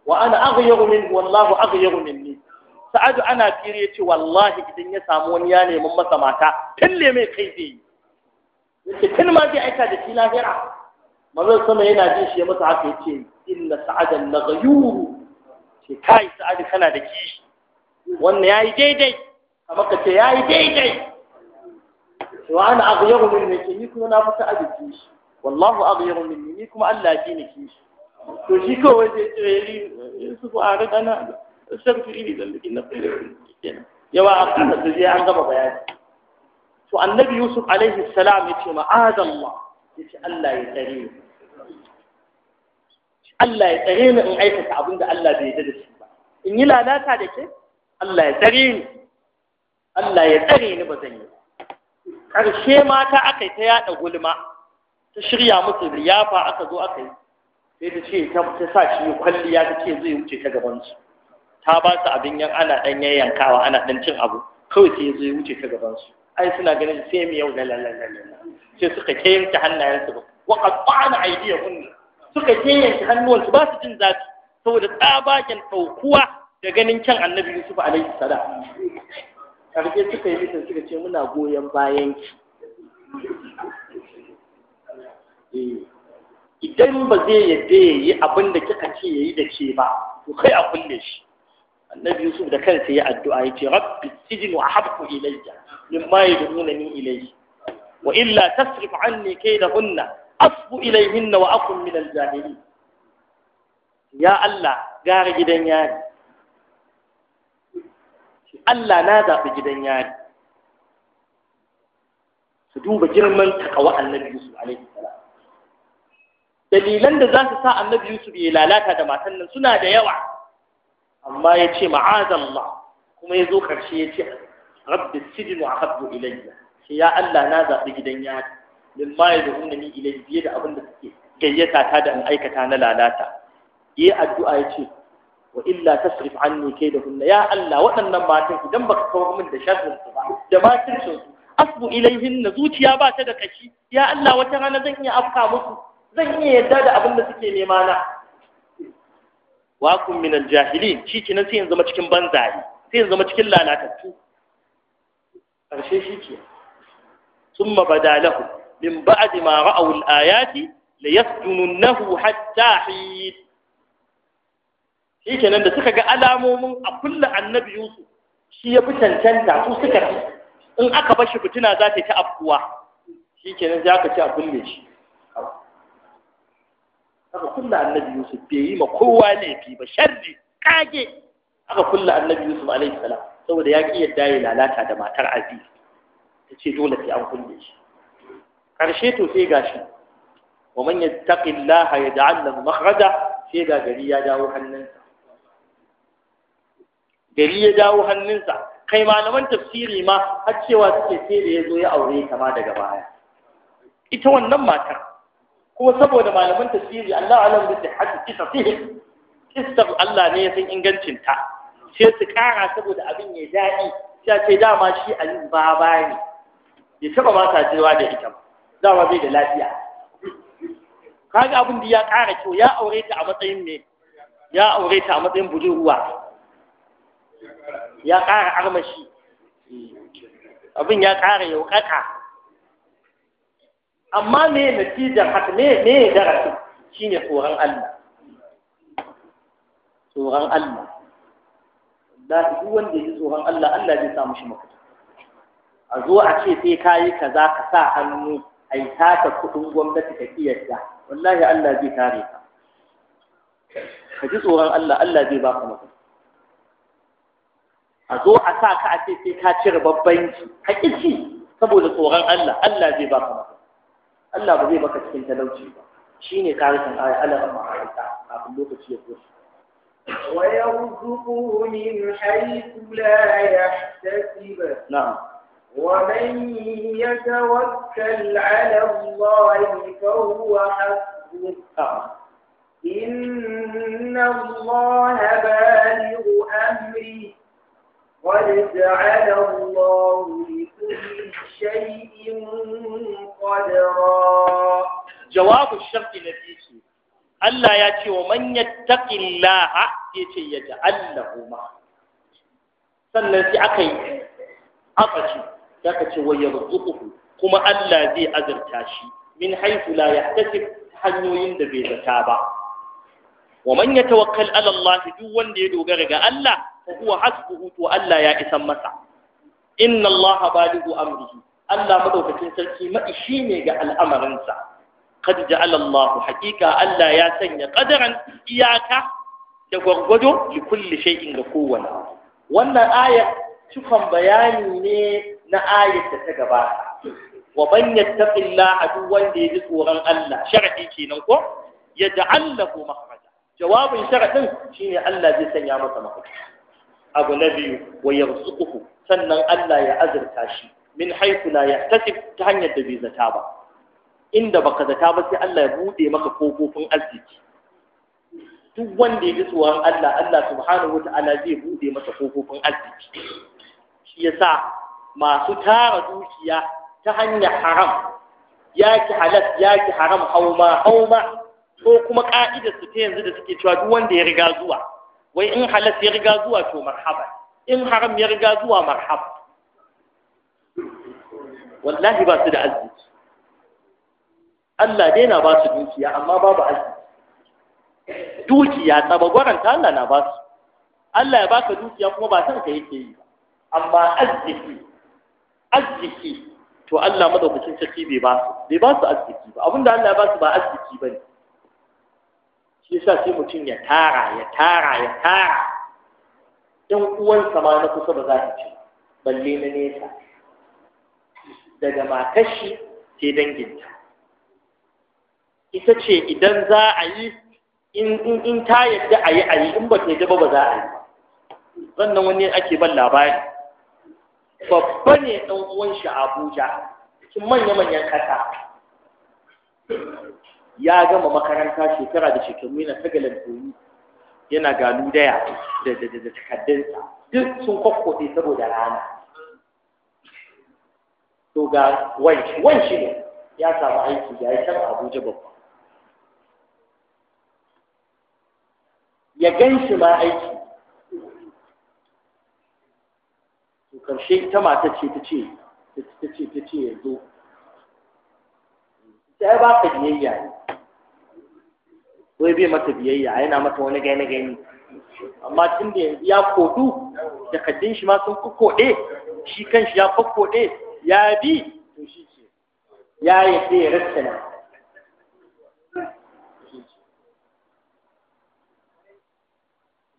wa ana aghyaru min wallahu aghyaru minni sa'adu ana fire ce wallahi idan ya samu wani ya neman masa mata talle mai kai ma aika da shi manzon sama yana jin shi ya masa haka yace inna sa'adan la ghayuru ce kai sa'adi kana da kishi wannan yayi daidai amma ka ce yayi daidai wa ana aghyaru minni ke ni kuma na fita aji kishi wallahu aghyaru minni ni kuma Allah ya ni kishi to shi kawai zai tsere su ko a ragana sarfi iri da liki na fere yawa a kan da zai an gaba bayani to annabi yusuf alaihi salam yace ma'adallah yace Allah ya tsare ni Allah ya tsare ni in aikata abin da Allah bai yarda da shi ba in yi lalata da ke Allah ya tsare ni Allah ya tsare ni ba zan yi Karshe mata aka ta yaɗa gulma ta shirya musu liyafa aka zo aka yi sai ta ce ta sa shi kwalliya ta ce zai wuce ta gabansu ta ba su abin yan ana ɗan yayyankawa ana ɗan cin abu kawai sai zai wuce ta gabansu ai suna ganin sai mu yau lalalala sai suka kayanta hannayensu ba wa qatta'na aydiyahunna suka keyanke hannuwansu ba su jin zafi saboda tsabagen ɗaukuwa da ganin kyan annabi yusuf alaihi sada karfe suka yi mutum suka ce muna goyon bayan ki eh, idan ba zai yadda ya yi abin da kika ce ya yi da ke ba to kai a kulle shi annabi yusuf da kansa ya addu'a ya ce rabbi sijin wa habku ilayya mimma yad'unani ilayya wa illa tasrif anni kaydahunna asbu ilayhinna wa akun min al ya Allah gara gidan yari Allah na zaɓi gidan yari su duba girman takawa annabi Yusuf alaihi salam dalilan da za su sa annabi Yusuf ya lalata da matan nan suna da yawa amma ya ce ma'azallah kuma ya zo ƙarshe ya ce rabbi sijinu a habbu ilayya sai ya Allah na zaɓi gidan yari mimma ya da ni ilai biye da abin da suke gayyata ta da in aikata na lalata yi addu'a ya ce wa illa kai da hunna ya Allah waɗannan matan idan baka kawar min da shafin su ba da matan su asbu ilaihinna zuciya ba ta da kashi ya Allah wata rana zan iya afka musu zan iya yadda da abin da suke nema na wa kun min aljahilin shi kenan sai yanzu zama cikin banzaye sai yanzu zama cikin lalatattu karshe shi ke summa badalahu min ba'di ma ra'aw al-ayati la yasjununahu hatta hin nan da suka ga alamomin a kulla annabi Yusuf shi ya fi cancanta su suka fi in aka bar shi fitina za ta yi ta afkuwa nan za ka ci a kulle shi aka kulla annabi Yusuf bai yi ma kowa laifi ba sharri kage aka kulla annabi Yusuf alaihi salam saboda ya ki yadda ya lalata da matar Aziz ta ce dole sai an kulle shi karshe to sai gashi wa man yattaqillaha yaj'al lahu makhraja sai ga gari ya dawo hannunsa gari ya dawo hannunsa kai malaman tafsiri ma har cewa suke sai da yazo ya aure ta ma daga baya ita wannan matar kuma saboda malaman tafsiri Allah alam bi sihhati sahih kissar Allah ne ya san ingancin ta sai su kara saboda abin ya daɗi sai ce dama shi alin baba ne Ya taba mata cewa da ita ba ma bai da lafiya kaga abin da ya ƙara kyau ya aure ta a matsayin me ya aure ta a matsayin budurwa ya ƙara armashi abin ya ƙara yauƙaƙa amma me natijar haka me me Shi shine tsoron Allah tsoron Allah da duk wanda ya ji tsoron Allah Allah zai sa mushi mafita a zo a ce sai kayi kaza ka sa hannu ai taka kuɗin gwamnati ka kiyarta wallahi Allah zai kare ka ka ji tsoron Allah Allah zai baka mutum a zo a sa ka a ce sai ka cire babban ki ka kici saboda tsoron Allah Allah zai baka mutum Allah ba zai baka cikin talauci ba shine tarihin ayi Allah ma ma'aikata kafin lokaci ya zo ويرزقه من حيث لا يحتسب نعم ومن يتوكل على الله فهو حسبه إن الله بالغ أمري قد جعل الله لكل شيء قدرا جواب الشرط الذي Allah ya ce wa man yattaqillaha yace ya سنة ma sannan sai akai abaci zaka ce wayar yarzuquhu kuma Allah zai azurta shi min haythu la yahtasib hanyoyin da bai zata ba wa man yatawakkal ala Allah duk wanda ya dogara ga Allah fa huwa hasbuhu to Allah ya isan masa inna Allah balighu amrihi Allah madaukakin sarki maishi ne ga al'amarinsa qad ja'ala Allah haqiqa Allah ya sanya qadaran iyaka da gwargwado li kulli shay'in ga kowanne wannan aya cikon bayani ne na ayat da ta gabata wa ban yattaqillaha duk wanda ya ji tsoron Allah sharadi kenan ko Allah ko makhraja jawabin sharadin shine Allah zai sanya masa makhraja abu na biyu wa yarzuquhu sannan Allah ya azurta shi min haythu la yahtasib ta hanyar da bai zata ba inda baka zata ba sai Allah ya bude maka kofofin arziki duk wanda ya ji tsoron Allah Allah subhanahu wataala zai bude masa kofofin arziki shi yasa masu tara dukiya ta hanyar haram ya ki halas ya ki haram hauma hauma ko kuma ka'idar su ta yanzu da suke cewa duk wanda ya riga zuwa wai in halas ya riga zuwa to marhaba in haram ya riga zuwa marhaba wallahi ba su da arziki Allah dai na ba su dukiya amma babu arziki dukiya tsaba ta Allah na ba su Allah ya baka dukiya kuma ba san ka yake yi amma arziki arziki to Allah madaukakin sarki bai ba su bai ba su arziki ba abinda Allah ya ba su ba arziki ba ne shi yasa sai mutum ya tara ya tara ya tara ɗan uwansa ma na kusa ba za ta ci balle na nesa daga matar shi sai danginta ita ce idan za a yi in ta yadda a yi a yi in ba ta yadda ba ba za a yi wannan wani ake ban labari babba ne ɗan uwan shi a Abuja cikin manya-manyan ƙasa ya gama makaranta shekara da shekaru yana ta galantoyi yana galudaya da da takaddunsa duk sun kwakwote saboda rana to ga wanshi wanshi ne ya samu aiki ya yi can Abuja babba ya gan shi ma aiki karshe ita mata ce ta ce ta ce ta ce yanzu sai ba ka biyayya ne wai bai mata biyayya yana mata wani gani gani amma tun da yanzu ya kodu da kaddin shi ma sun kokkoɗe shi kan shi ya kokkoɗe ya bi to shi ce ya yadda ya rattana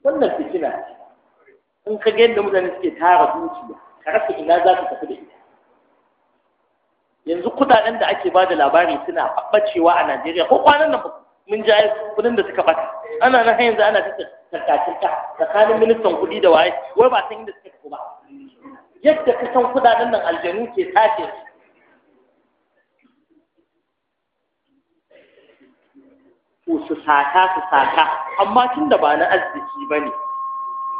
wannan fitina ce in ka ga yadda mutane suke tara dukiya ka rasa ina za ka tafi da ita yanzu kudaden da ake bada labari suna ɓacewa a Najeriya ko kwanan nan mun ja kudin da suka bata ana nan yanzu ana ta tattakinta tsakanin ministan kudi da waye wai ba san inda suka tafi ba yadda ka san kudaden nan aljanu ke tace su su sata su sata, amma tun da ba na arziki ba ne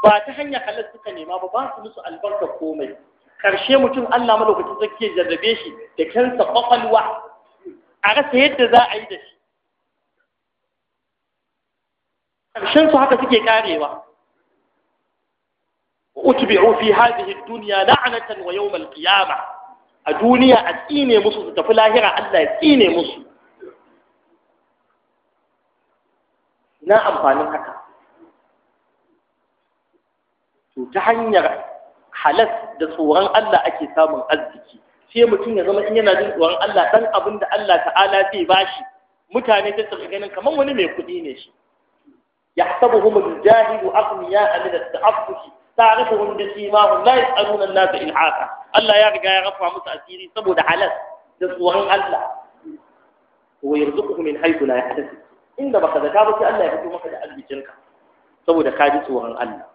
ba ta hanyar halal suka nema ba ba su musu albarka komai karshe mutum Allah malaukakin sarki ya jarrabe shi da kansa kwakwalwa a rasa yadda za a yi da shi karshen su haka suke karewa utbi'u fi hadhihi ad-dunya la'natan wa yawm al-qiyamah a duniya a tsine musu su tafi lahira Allah ya tsine musu ina amfanin haka to ta hanyar halas da tsoron Allah ake samun arziki sai mutum ya zama in yana jin tsoron Allah dan abin da Allah ta'ala zai bashi mutane ta ganin kamar wani mai kuɗi ne shi ya saba kuma jahilu aqniya alladha ta'affuki ta'rifuhum bi simahum la yas'aluna an-nas ilhaqa Allah ya riga ya rafa musu asiri saboda halas da tsoron Allah wa yarzuquhum min haythu la yahtasib inda baka zata ba sai Allah ya fito maka da arzikinka saboda ka ji tsoron Allah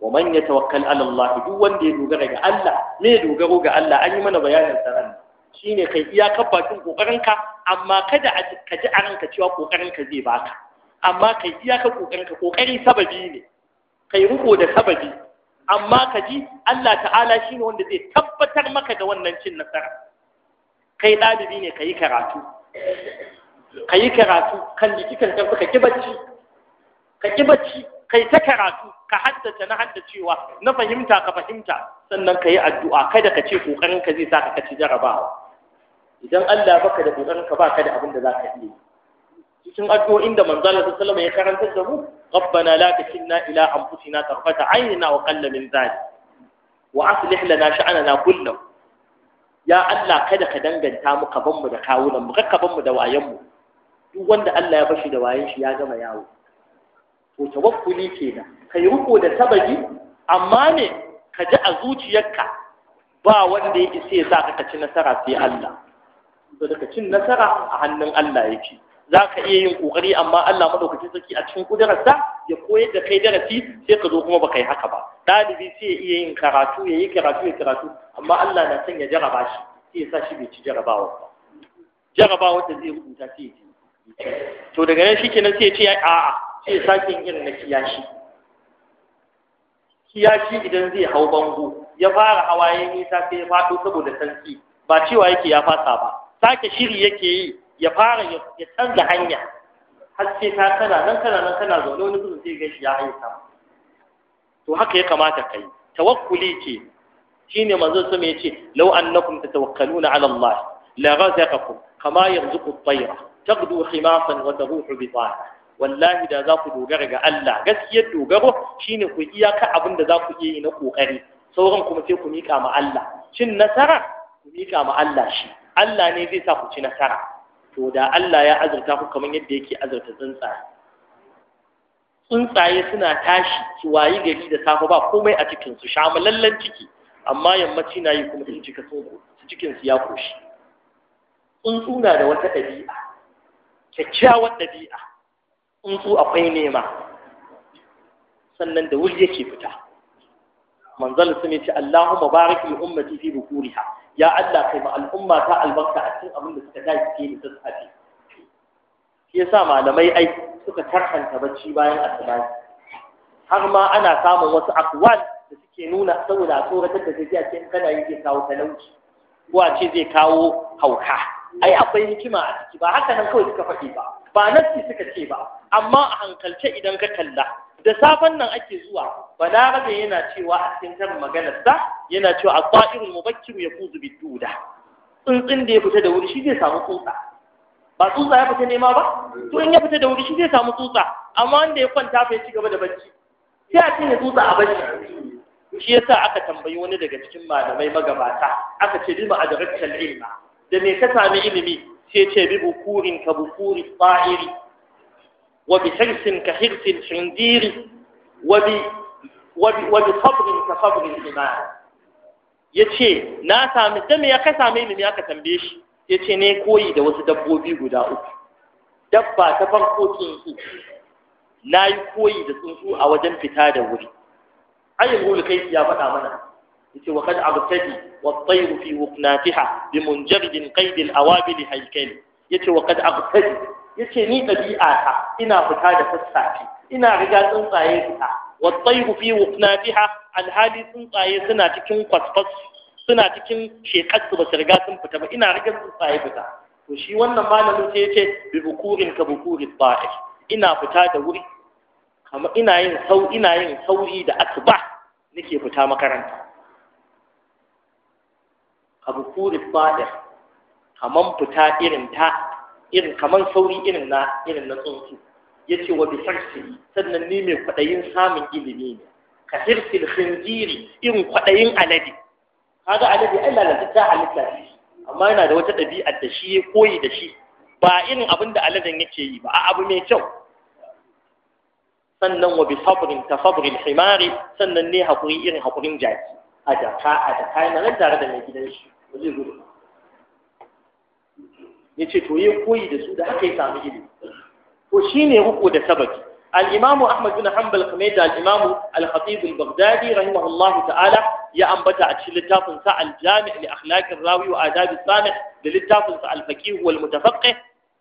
wa man yatawakkal ala Allah duk wanda ya dogara ga Allah me ya dogaro ga Allah an yi mana bayanin sanan shine kai iyakar bakin kokarin amma kada ka ji a ranka cewa kokarin zai baka amma kai iya kokarin ka kokari sababi ne kai ruko da sababi amma ka ji Allah ta'ala shine wanda zai tabbatar maka da wannan cin nasara kai ɗalibi ne ka karatu ka yi karatu kan jikin kan ka ki bacci ka ki bacci kai ta karatu ka haddace na haddacewa na fahimta ka fahimta sannan ka yi addu'a kada ka ce kokarin ka zai sa ka ci jarabawa idan Allah baka da kokarin ka baka da abin da za ka iya cikin addu'o'in da manzo Allah sallallahu ya karanta da mu rabbana la takilna ila anfusina tarfata aynina wa qalla min dhalik wa aslih lana sha'anana kullum. ya Allah kada ka danganta mu ka ban mu da kawunan mu ka mu da wayan mu duk wanda Allah ya bashi da wayan shi ya gama yawo ko tawakkuli kenan kai riko da sabaji amma ne ka ji a zuciyarka ba wanda yake sai za ka ci nasara sai Allah to daga cin nasara a hannun Allah yake za ka iya yin ƙoƙari amma Allah maɗaukacin saki a cikin ƙudurarsa ya koyar da kai darasi sai ka zo kuma baka yi haka ba ɗalibi sai ya iya yin karatu ya yi karatu ya karatu amma Allah na son ya jaraba shi sai ya sa shi bai ci jarabawa ba jarabawa da zai rubuta sai ya ci to daga nan shi kenan sai ya ce a'a ce sakin irin na kiyashi kiyashi idan zai hau bango ya fara hawa ya nisa sai ya faɗo saboda sarki ba cewa yake ya fasa ba sake shiri yake yi ya fara ya canza hanya har sai ta kana nan kana nan kana zaune wani gudun zai gashi ya haita to haka ya kamata ka yi tawakkuli ce shine manzon me yace law annakum tatawakkaluna ala Allah la kama yarzuqu at-tayra تغدو خماصا wallahi da za ku dogara ga Allah gaskiyar dogaro shine ku iyaka abin da za ku iya yi na kokari sauran kuma sai ku mika ma Allah cin nasara ku mika ma Allah shi Allah ne zai sa ku ci nasara to da Allah ya azurta ku kamar yadda yake azurta tsuntsaye tsuntsaye suna tashi su wayi gari da safe ba komai a cikin su shamalallan ciki amma yammaci na kuma sun cika sun cikin su ya koshi tsuntsuna da wata ɗabi'a kyakkyawar ɗabi'a tsuntsu akwai nema sannan da wuri yake fita manzal sun ce Allahumma barik li ummati fi bukuriha ya Allah kai ma al'umma ta albarka a cikin abin da suka dace ke da sassafe shi yasa malamai ai suka tarhanta bacci bayan asubahi har ma ana samun wasu akwal da suke nuna saboda tsoratar da tafiya ce kana yi ke kawo talauci ko a ce zai kawo hauka ai akwai hikima a ciki ba haka nan kawai suka faɗi ba ba nassi suka ce ba amma a hankalce idan ka kalla da safen nan ake zuwa balarabe yana cewa a cikin karin sa yana cewa a tsa'irul mubakkiru ya kuzu biduda tsuntsun da ya fita da wuri shi zai samu tsutsa ba tsutsa ya fita nema ba to in ya fita da wuri shi zai samu tsutsa amma wanda ya kwanta fa ya ci gaba da bacci sai a cinye tsutsa a bacci shi yasa aka tambayi wani daga cikin malamai magabata aka ce lima adrakta ilma da me ka sami ilimi sai ce bi bukurin ka bukuri fa'iri wa bi hirsin ka hirsin shindiri wa bi sabrin ka sabrin imani ya ce na sami da me ka sami ilimi aka tambaye shi ya ce ne koyi da wasu dabbobi guda uku dabba ta farko tsuntsu na yi koyi da tsuntsu a wajen fita da wuri ayyukan kai ya faɗa mana yace wa kad abtadi والطير في وقناتها بمنجرد قيد الأوابل هيكل يتي وقد أغتدي يتي ني طبيعتها إنا فتاة فساتي إنا رجال تنطايتها والطير في وقناتها الحالي تنطاي سنة تكن قصقص suna cikin shekarsu ba su riga sun fita ba ina rigar sun fita to shi wannan malamin sai ya ce bi ka bukurin ba'ir ina fita da wuri ina yin ina yin sauri da asuba nake fita makaranta kabukuri fa'ir kaman fita irin ta irin kaman sauri irin na irin na tsuntsu yace wa bi hirsi sannan ni mai kwaɗayin samun ilimi ne ka hirsil khinjiri irin kwaɗayin alade kaga alade ai lalata ta halitta amma yana da wata ɗabi'a da shi ya koyi da shi ba irin abin da aladen yake yi ba a abu mai kyau sannan wa bi sabrin ta sabrin himari sannan ne haƙuri irin haƙurin jaki a jaka a jaka yana nan tare da mai gidan shi ba zai gudu ya ce koyi da su da aka yi sami ilimi to shi ne ruku da sabaki al'imamu ahmadu na da al'imamu al-hafizul baghdadi rahimahullahu ta'ala ya ambata a ci littafin sa al-jami li akhlaqir rawi wa da littafin sa al-faqih wal mutafaqqih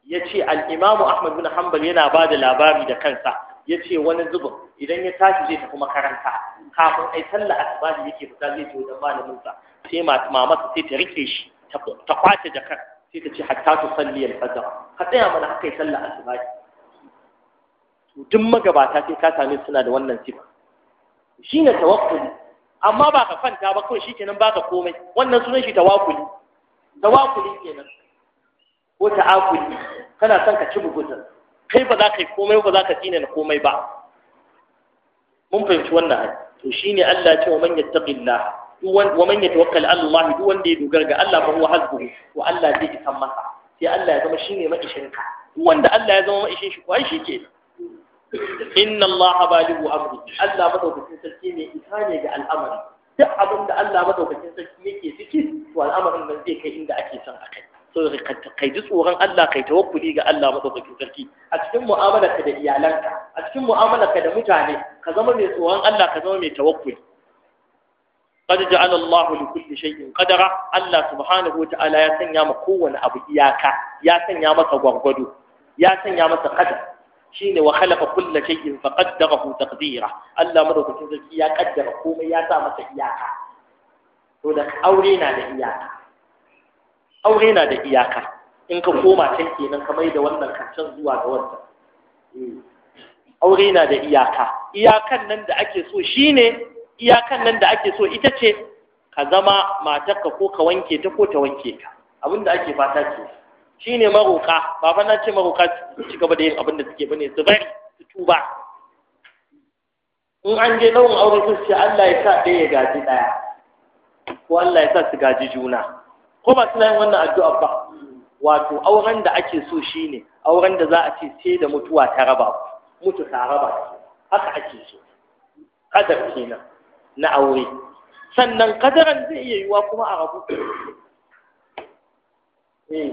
yace al-imamu ahmadu na hanbal yana bada labari da kansa ya ce wani zubin idan ya tashi zai tafi makaranta kafin ai sallah asibali yake fita zai ce wajen malaminsa sai mamarsa sai ta rike shi ta kwace jakar sai ta ce hatta su salli al-fajr ka tsaya mana haka yi sallah asibali duk magabata sai ka same suna da wannan sifa Shi ne tawakkuli amma ba ka kwanta ba kawai shikenan ba ka komai wannan sunan shi tawakkuli tawakkuli kenan ko ta'akuli kana son ka ci bugutar kai ba za ka yi komai ba za ka tsina na komai ba mun fahimci wannan to shine Allah ya ce wa man yattaqillah wa man yatawakkal ala Allah duk wanda ya dogara ga Allah fa huwa hasbuhu to Allah zai isan masa sai Allah ya zama shine maishin ka duk wanda Allah ya zama maishin shi kwai shi ke inna Allah balighu amri Allah madaukakin sarki ne isa ne ga al'amari duk abin da Allah madaukakin sarki yake ciki to al'amarin nan zai kai inda ake son a kai so kai ji tsoron Allah kai tawakkuli ga Allah madaukakin sarki a cikin mu'amalarka da iyalanka a cikin mu'amalarka da mutane ka zama mai tsoron Allah ka zama mai tawakkuli qad ja'ala Allahu li kulli shay'in qadara Allah subhanahu wa ta'ala ya sanya ma kowane abu iyaka ya sanya masa gwargwado ya sanya masa qadar shine wa khalaqa kulla shay'in fa qaddarahu taqdira Allah madaukakin sarki ya kaddara komai ya sa masa iyaka to da aure na da iyaka aure na da iyaka in ka koma can kenan ka mai da wannan kancan zuwa ga wannan eh, aure na da iyaka iyakan nan da ake so shine iyakan nan da ake so ita ce ka zama matarka ko ka wanke ta ko ta wanke ka abin da ake fata ce shine maroka ba na ce maroka ci gaba da yin abin da suke bane su bari su tuba in an je nawan aure su Allah ya sa ɗaya ya gaji ɗaya ko Allah ya sa su gaji juna ko ba suna yin wannan addu'a ba wato auren da ake so shine auren da za a ce sai da mutuwa ta raba ku mutu ta raba haka ake so kadar kenan na aure sannan kadaran zai iya yiwa kuma a rabu eh,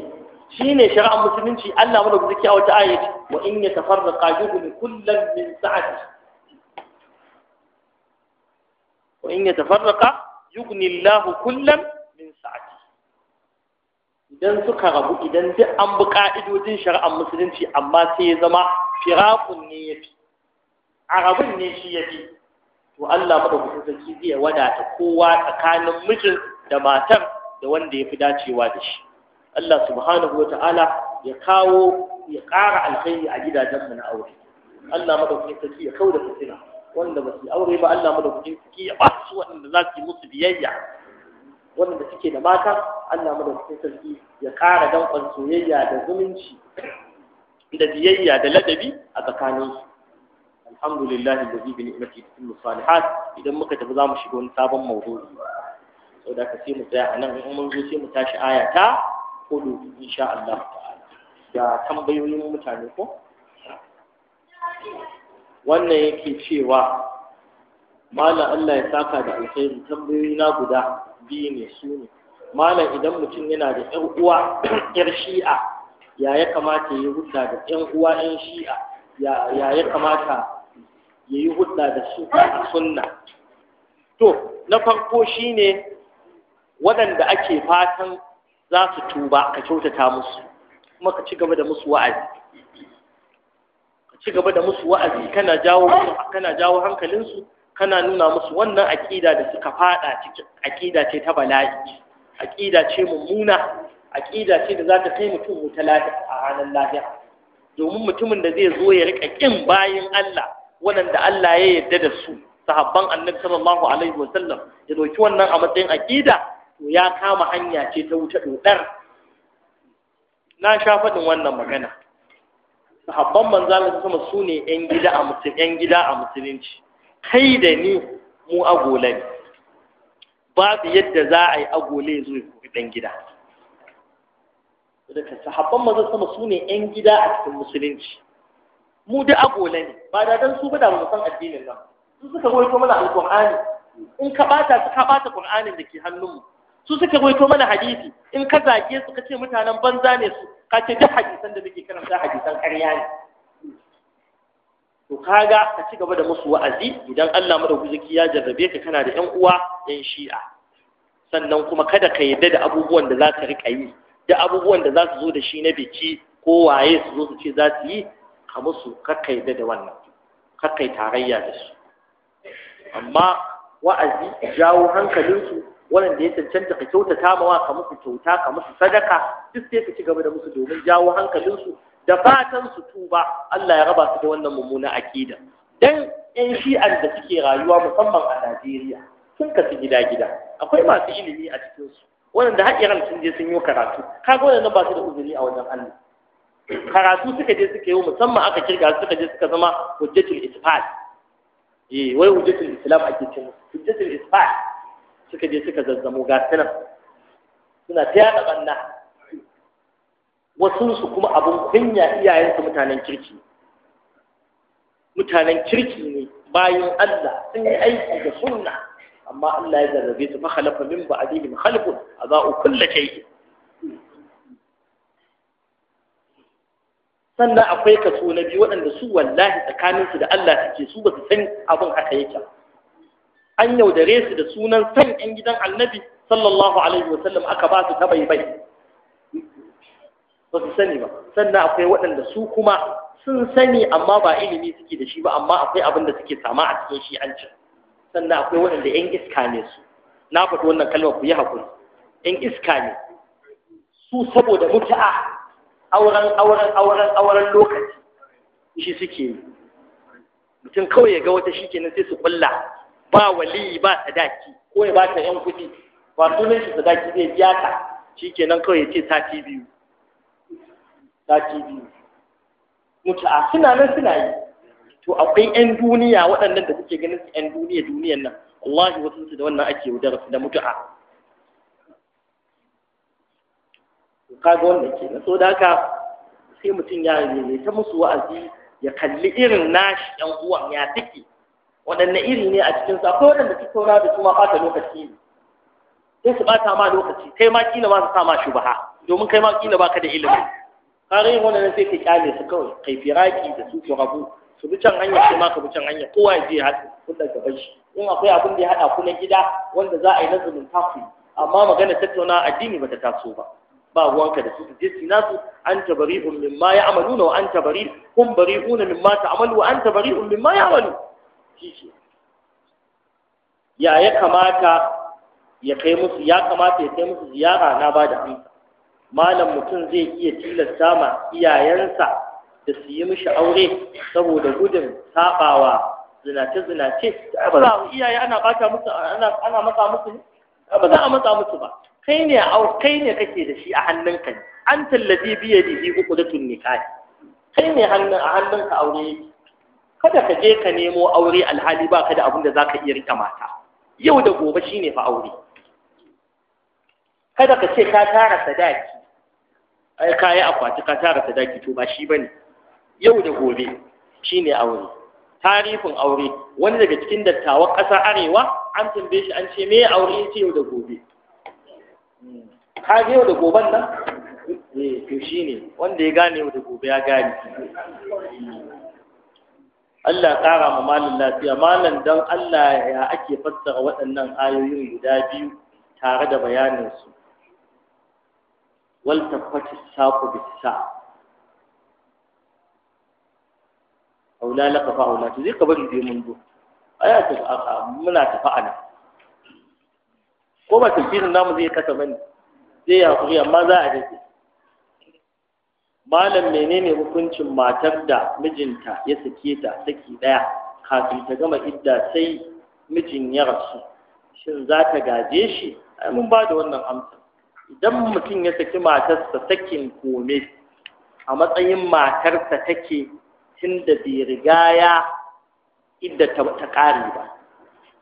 shi ne shari'ar musulunci Allah mana guzuki a wata ayyaci wa in ya tafarra ƙajuhun kullum min sa'adi wa in ya tafarra ka yugni kullum idan suka rabu idan duk an bi ƙa'idojin shari'ar musulunci amma sai ya zama firakun ne ya fi arabin ne shi ya fi to Allah madaukakin sarki zai wadata kowa tsakanin mijin da matar da wanda ya fi dacewa da shi Allah subhanahu wa ta'ala ya kawo ya ƙara alkhairi a gidajenmu na aure Allah madaukakin sarki ya kauda fitina wanda ba su aure ba Allah madaukakin sarki ya ba su waɗanda za su yi musu biyayya wanda suke da mata Allah mu da cikin sarki ya ƙara danƙon soyayya da zumunci da biyayya da ladabi a tsakanin su alhamdulillah alladhi bi ni'mati kullu salihat idan muka tafi zamu shiga wani sabon mawdu'i saboda ka sai mu tsaya a nan in mun zo sai mu tashi aya ta hudu insha Allah ya tambayoyin mutane ko wannan yake cewa malam Allah ya saka da alkhairi tambayoyi na guda biyu ne su ne malam idan mutum yana da ƴan uwa ƴar shi'a ya ya kamata ya yi hudda da ƴan uwa ƴan shi'a ya ya kamata ya yi hudda da su a sunna to na farko shi ne waɗanda ake fatan za su tuba ka kyautata musu kuma ka ci gaba da musu wa'azi ka ci gaba da musu wa'azi kana jawo kana jawo hankalinsu kana nuna musu wannan aƙida da suka fada cikin aƙida ce ta bala'i aƙida ce mummuna aƙida ce da za ta kai mutum wuta a ranar lafiya. domin mutumin da zai zo ya rika ƙin bayin Allah waɗanda Allah ya yarda da su sahabban annabi sallallahu alaihi wa sallam ya dauki wannan a matsayin aƙida to ya kama hanya ce ta wuta dodar na sha faɗin wannan magana sahabban manzo Allah sama su ne 'yan gida a musulunci kai da ni mu agola ne babu yadda za a yi agole zo ya kuri ɗan gida daga sahabban mazan sama su ne ‘yan gida a cikin musulunci mu da agola ne ba da don su gada da addinin nan su suka goyi mana alƙur'ani in ka bata su ka bata ƙur'anin da ke hannunmu su suka gwaito mana hadisi in ka zage su ka ce mutanen banza ne su ka ce duk hadisan da muke karanta hadisan ƙarya ne to kaga ka ci gaba da musu wa'azi idan Allah madaukaki ya jarrabe ka kana da ƴan uwa ƴan shi'a sannan kuma kada ka yadda da abubuwan da za ka riƙa yi da abubuwan da za su zo da shi na biki ko waye su zo su ce za su yi ka musu ka yadda da wannan kai tarayya da su amma wa'azi jawo hankalinsu waɗanda ya cancanta ka kyautata mawa ka musu kyauta ka musu sadaka duk sai ka ci gaba da musu domin jawo hankalinsu da fatan su tuba Allah ya raba su da wannan mummuna akida dan yan shi'ar da suke rayuwa musamman a Najeriya sun kasu gida-gida akwai masu ilimi a cikin su wanda haƙiran sun je sun yi karatu kaga wannan ba su da uzuri a wajen Allah karatu suka je suka yi musamman aka kirga suka je suka zama hujjatul isfal eh wai hujjatul islam ake cewa hujjatul isfal suka je suka zazzamo ga sunan suna ta da banna wasunsu kuma abin kunya iyayensu mutanen kirki mutanen kirki ne bayan Allah sun yi aiki da sunna amma Allah ya zarrabe su fa khalafa min ba'dihim khalqun adaa'u kulli shay'in sannan akwai kaso na biyu waɗanda su wallahi tsakaninsu da Allah suke su ba su san abin haka yake an yaudare su da sunan san ƴan gidan annabi sallallahu alaihi wasallam aka ba su ta bai bai ba su sani ba sannan akwai waɗanda su kuma sun sani amma ba ilimi suke da shi ba amma akwai abin da suke sama a cikin shi an sannan akwai waɗanda 'yan iska ne su na faɗi wannan kalmar ku yi haƙuri 'yan iska ne su saboda mutu'a auren auren auren auren lokaci shi suke yi mutum kawai ya ga wata shi kenan sai su kulla ba wali ba sadaki ko ya ba ta 'yan kuɗi ba sunan shi sadaki zai biya ta shi kenan kawai ya ce sati biyu sati biyu mutu'a ah, suna nan suna yi to akwai 'yan duniya waɗannan da kuke ganin su 'yan duniya duniyan nan wallahi wasu su da wannan ake wudar da mutu'a kaga wanda ke na so da sai mutum ya rere ta musu wa'azi ya kalli irin nashi yan uwan ya take waɗanne iri ne a cikin su akwai waɗanda su sauna da su ma ɓata lokaci ne sai su ɓata ma lokaci kai ma kila ma su sa ma shubaha domin kai ma kila baka da ilimi kare wannan sai ka kyale su kawai kai firaki da su ki rabu su bi can hanya kai ma ka bi can hanya kowa ya je ya haɗu kullum gaban shi in akwai abin da ya haɗa ku na gida wanda za a yi nazarin tafi amma magana tattauna addini ba ta taso ba ba ruwanka da su je su nasu an tabari'un mimma na wa ta bari hum bari'una ta ta'malu wa anta bari'un mimma amalu shi ya ya kamata ya kai musu ya kamata ya kai musu ziyara na ba da amsa malam mutum zai iya tilasta ma iyayensa da su yi mishi aure saboda gudun sabawa zinace zinace ba a iyaye ana bata musu ana matsa musu ne ba za a matsa musu ba kai ne kai ne kake da shi a hannunka ne an tallafi biye da shi uku da kai ne hannun a hannunka aure kada ka je ka nemo aure alhali ba ka da abin da za ka iya rika mata yau da gobe shine fa aure kada ka ce ka tara sadaki ai ka yi akwati ka tara sadaki to ba shi bane yau da gobe shine aure tarifin aure wani daga cikin dattawan ƙasar arewa an tambaye shi an ce me aure yace yau da gobe ka yau da gobe nan eh to shine wanda ya gane yau da gobe ya gane Allah ƙara ma malin lafiya malam don Allah ya ake fassara waɗannan ayoyin guda biyu tare da bayaninsu wal tabbata saqu bisa aula laka fa aula to zai ka bari dai mun zo aya ta muna tafa ana ko ba tafsirin namu zai kasa bane zai ya hakuri amma za a rage malam menene hukuncin matar da mijinta ya sake ta saki daya kafin ta gama idda sai mijin ya rasu shin za ta gaje shi ai mun ba da wannan amsa idan mutum ya saki matarsa sakin kome a matsayin matarsa take tun da bai riga ya idda ta ƙare ba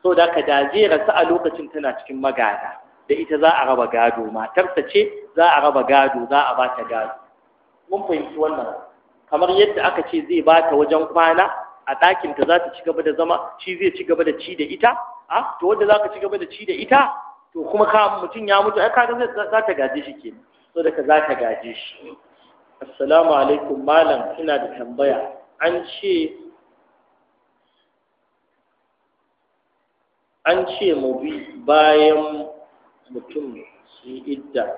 so da ka daje su a lokacin tana cikin magada da ita za a raba gado matarsa ce za a raba gado za a ba ta gado mun fahimci wannan kamar yadda aka ce zai ba ta wajen kwana a ɗakinta za ta ci gaba da zama shi zai ci gaba da ci da ita a to wanda za ka ci gaba da ci da ita to kuma ka mutum ya mutu ai kaga za ta gaje shi ke so daga za ta gaje shi assalamu alaikum malam ina da tambaya an ce an ce mu bi bayan mutum su yi idda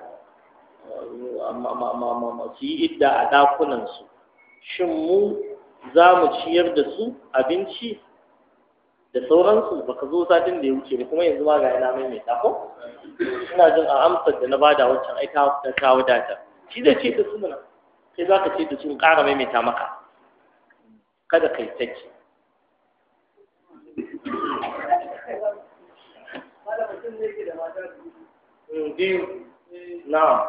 su yi idda a ɗakunansu shin mu za mu ciyar da su abinci da sauransu baka zo satin da ya wuce ba kuma yanzu ma ga ina mai mai ko ina jin a amsar da na bada wancan ai ta ta wadata shi zai ce da su mana sai zaka ce da su in ƙara maimaita maka kada kai saki mm, biyu na wannan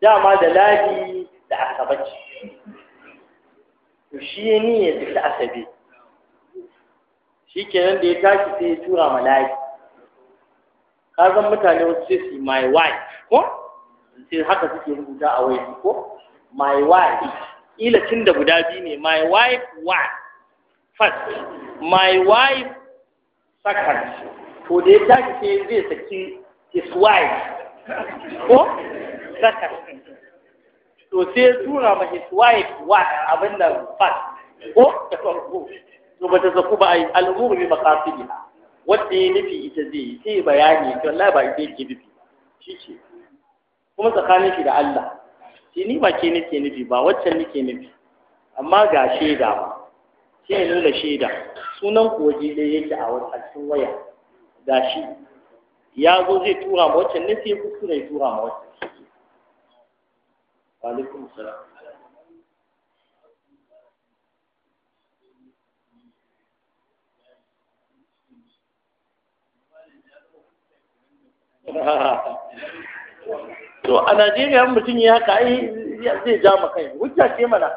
dama da ladi da asabaci shi ne ya niyya asabe shi kenan da ya tashi sai ya tura ma ladi ka san mutane wasu sai su my wife ko sai haka suke rubuta a wai ko my wife ila tun da guda biyu ne my wife wife first my wife second to da ya tashi sai zai saki his wife ko zakar to sai ya tura ma his wife wa abin nan fat ko da farko to ba ta zaku ba ai al'umur bi maqasidi wanda ya nufi ita zai yi sai bayani to Allah ba ita ke nufi shi ce kuma tsakanin shi da Allah shi ni ba ke nake nufi ba waccan nake nufi amma ga shaida ba sai nuna shaida sunan kuwa je ɗaya yake a cikin waya ga shi ya zo zai tura ma waccan ne sai kuskure ya tura ma waccan وعليكم السلام to a najeriya mutum ya haka ai zai ja maka yi hujja ce mana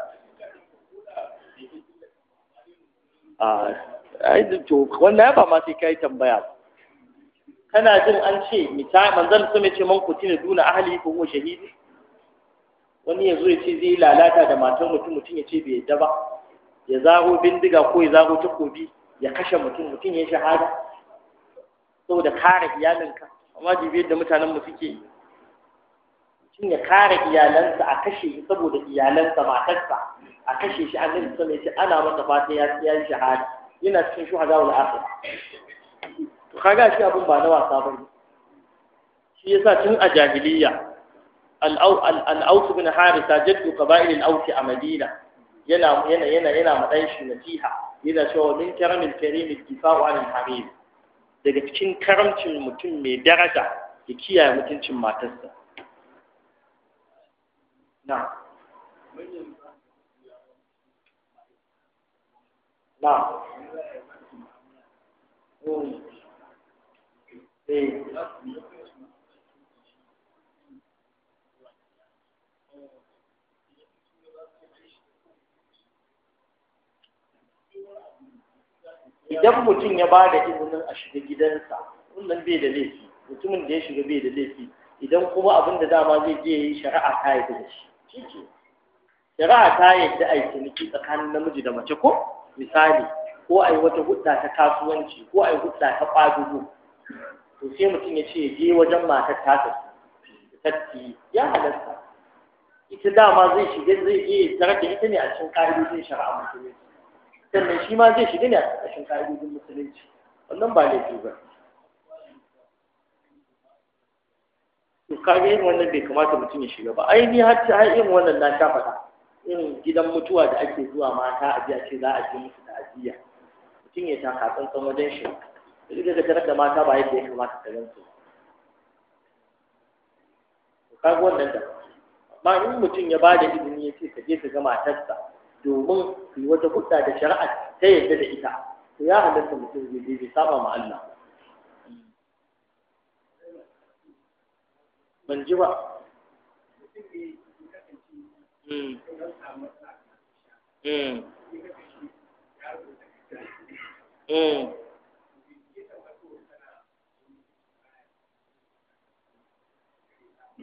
a yi to wanda ya ba ma sai kai tambaya kana jin an ce misali manzon sun ce man ne duna ahli ko shahidi wani ya zo ya ce zai lalata da matan mutum mutum ya ce bai yadda ba ya zago bindiga ko ya zago takobi ya kashe mutum mutum ya shahada saboda kare iyalinka amma jibi yadda mutanenmu suke yi mutum ya kare iyalansa a kashe shi saboda iyalansa matarsa a kashe shi an nufin alaihi ce ana masa fata ya yi shahada yana cikin shuhada wani akhir to kaga shi abin ba na wasa ba ne. shi yasa tun a jahiliya. al'ausu bin harisa jaddu qaba'il al'ausi a madina yana yana yana yana madan shi nasiha yana cewa min karamil karim ittifa'u an daga cikin karamcin mutum mai daraja ya kiyaye mutuncin matarsa na na eh idan mutum ya ba da izinin a shiga gidansa wannan bai da laifi mutumin da ya shiga bai da laifi idan kuma abin da dama zai je yi shari'a ta yi da shi shi shari'a ta yadda a yi ciniki tsakanin namiji da mace ko misali ko a yi wata hudda ta kasuwanci ko a yi hudda ta kwadugo to sai mutum ya ce je wajen matar ta tafi ya halarta ita dama zai shiga zai je tarar da ita ne a cikin ƙa'idojin shari'a musulunci sannan shi ma zai shiga ne a ƙarƙashin ƙa'idodin musulunci wannan ba laifi ba to kaga irin wannan bai kamata mutum ya shiga ba ai ni har ta irin wannan na sha faɗa irin gidan mutuwa da ake zuwa mata a biya ce za a je musu ajiya mutum ya taka tsantsan wajen shi duk da tarar da mata ba yadda ya kamata ta gansu kaga wannan da amma in mutum ya bada izini ya ce ka je ka ga matarsa domin yi wata hudda da shari'a ta yadda da ita to ya halatta mutum zai zai saba ma Allah ban ji ba Mm. Mm.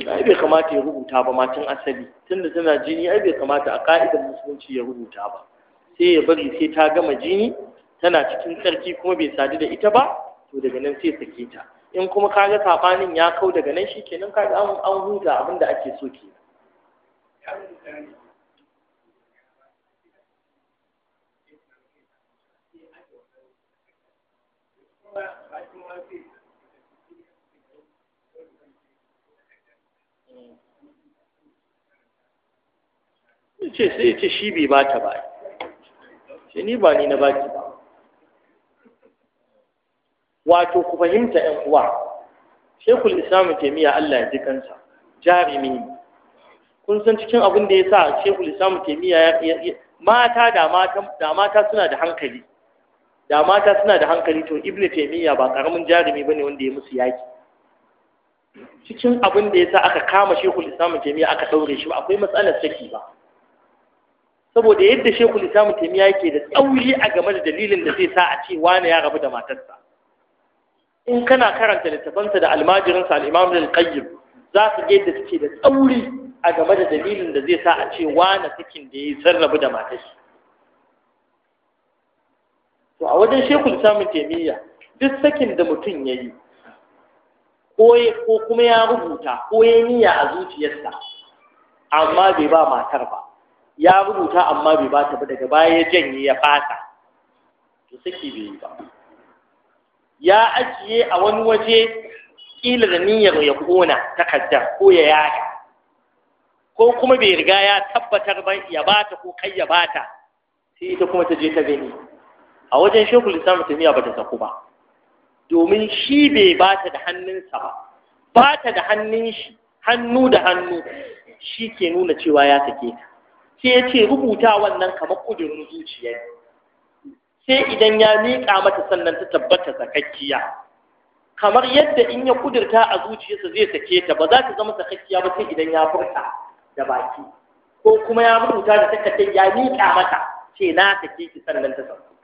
bai kamata ya rubuta ba matan asali tunda tana jini ai bai kamata a ka'idar musulunci ya rubuta ba sai ya bari sai ta gama jini tana cikin tsarki kuma bai sadu da ita ba to daga nan sai sake ta in kuma ka ga sabanin ya kau daga nan shi kenan ka ga an huta abin da ake so kenan ce sai ce shi bai ba ta ba shi ni ba ni na ba ki ba wato ku fahimta ƴan uwa shekul islamu taimiyya Allah ya ji kansa jarimi kun san cikin abin da ya sa shekul islamu taimiyya ya mata da mata suna da hankali da mata suna da hankali to ibn taimiyya ba karamin jarumi bane wanda ya musu yaki cikin abin da ya sa aka kama shekul islamu taimiyya aka ɗaure shi ba akwai matsalar saki ba saboda yadda shekul islamu taimiya yake da tsauri a game da dalilin da zai sa a ce wane ya rabu da matarsa in kana karanta littafansa da almajirinsa al'imam da alƙayyim za su yadda suke da tsauri a game da dalilin da zai sa a ce wane sakin da ya san rabu da matarsa to a wajen shekul islamu taimiya duk sakin da mutum ya yi ko kuma ya rubuta ko ya niyya a zuciyarsa amma bai ba matar ba ya rubuta amma bai ba ta ba daga baya ya janye ya fata to saki bai ba ya ajiye a wani waje kila da niyyar ya kona takardar ko ya yaya ko kuma bai riga ya tabbatar ba ya bata ko kai ya bata sai ita kuma ta je ta gani a wajen shekul islam tamiya ba ta saku ba domin shi bai bata da hannunsa ba bata da hannun shi hannu da hannu shi ke nuna cewa ya take ta sai ya ce rubuta wannan kamar ƙudurin zuciya sai idan ya miƙa mata sannan ta tabbata sakakkiya kamar yadda in ya ƙudurta a zuciyarsa zai sake ta ba za ta zama sakakkiya ba sai idan ya furta da baki ko kuma ya rubuta da takardar ya miƙa mata ce na sake ki sannan ta sauka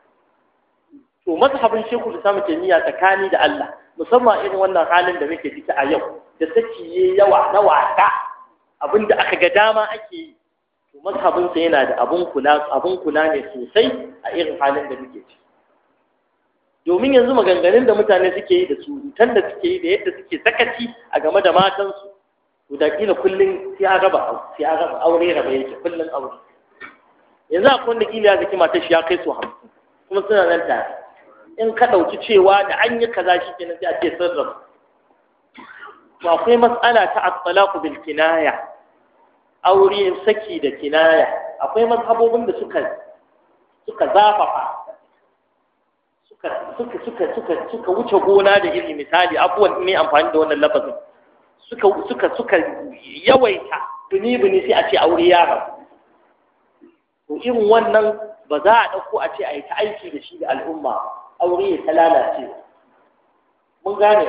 to mazhabin shekul samun jami'a tsakani da Allah musamman irin wannan halin da muke ciki a yau da saki yawa na wasa abinda aka ga dama ake yi to mazhabinsa yana da abun kula abun kula ne sosai a irin halin da muke ciki domin yanzu maganganun da mutane suke yi da su, surutan da suke yi da yadda suke sakaci a game da matansu to da kila kullum sai a raba sai a raba aure raba yake kullum aure yanzu akwai wanda kila ya zaki matar shi ya kai su hamsin kuma suna nan tare in ka ɗauki cewa da an yi kaza shi kenan sai a ce sun rabu to akwai mas'ala ta at-talaq bil kinaya aure saki da kinaya akwai mazhabobin da suka suka zafafa suka suka suka suka suka wuce gona da iri misali abuwan ne amfani da wannan lafazin suka suka suka yawaita tuni duni sai a ce aure ya rabu to irin wannan ba za a dauko a ce a yi ta aiki da shi da al'umma aure ya ta lalace mun gane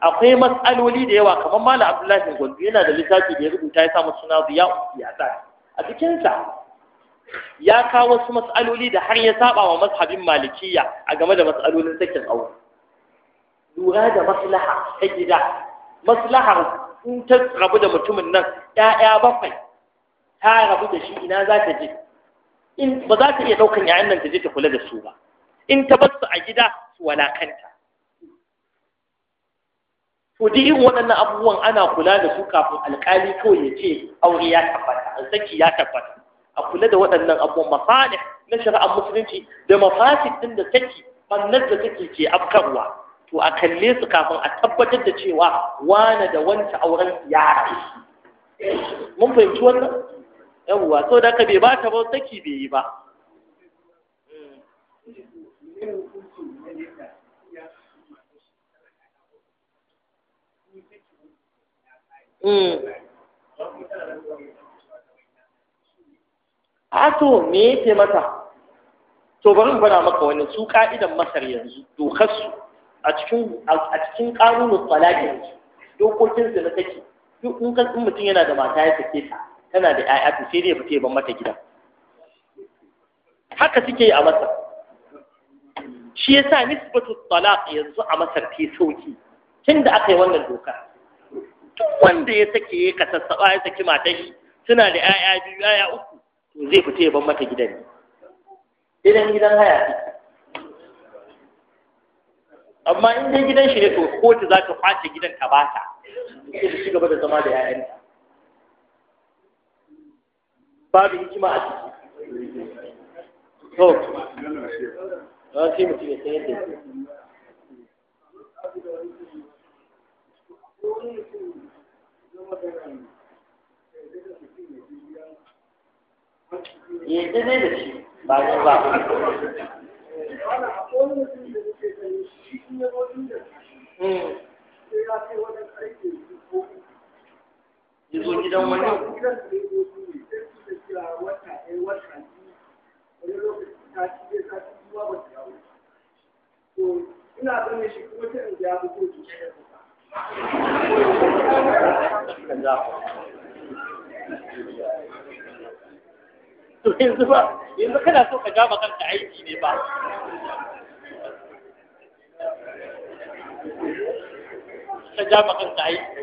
akwai matsaloli da yawa kamar malam abdullahi gwanzu yana da littafi da ya rubuta ya samu suna ya siyasa a cikinsa ya kawo wasu matsaloli da har ya saba wa mazhabin malikiya a game da matsalolin sakin aure lura da maslaha ta gida maslahar in ta rabu da mutumin nan ‘ya'ya bakwai ta rabu da shi ina za ta je in ba za ta iya ɗaukan ‘ya'yan nan ta je ta kula da su ba in ta bar a gida su walakanta ko duk irin waɗannan abubuwan ana kula da su kafin alƙali kawai ya ce aure ya tabbata saki ya tabbata a kula da waɗannan abubuwan masalih na shari'ar musulunci da mafasid din da take fannar da take ke afkarwa to a kalle su kafin a tabbatar da cewa wane da wancan auren ya mun fahimci wannan yawwa so da ka bai ba ta ba saki bai yi ba Mm. a to me yake mata to bari bana maka wani su ka'idan masar yanzu dokarsu a cikin a cikin ƙarunin talaki yanzu dokokin su na take duk in kan mutum yana da mata ya sake ta tana da ƴaƴa to sai dai fita ban mata gida haka suke yi a masar shi yasa nisbatu talaq yanzu a masar ta sauki tunda aka yi wannan dokar duk wanda ya sake ya kasassaba ya saki matar shi suna da 'ya'ya biyu 'ya'ya uku to zai fita ya bar mata gidan ne idan gidan haya ce amma in dai gidan shi ne to kotu za ta kwace gidan ta bata sai ta ci gaba da zama da 'ya'yanta babu hikima a ciki to ba sai mutum ya sayar da ya daidai da shi ba ne ba ya ina ganin shi kuma ta inda ya fito to yanzu ba yanzu kana so ka gama kanka aiki ne ba ka jama kanka aiki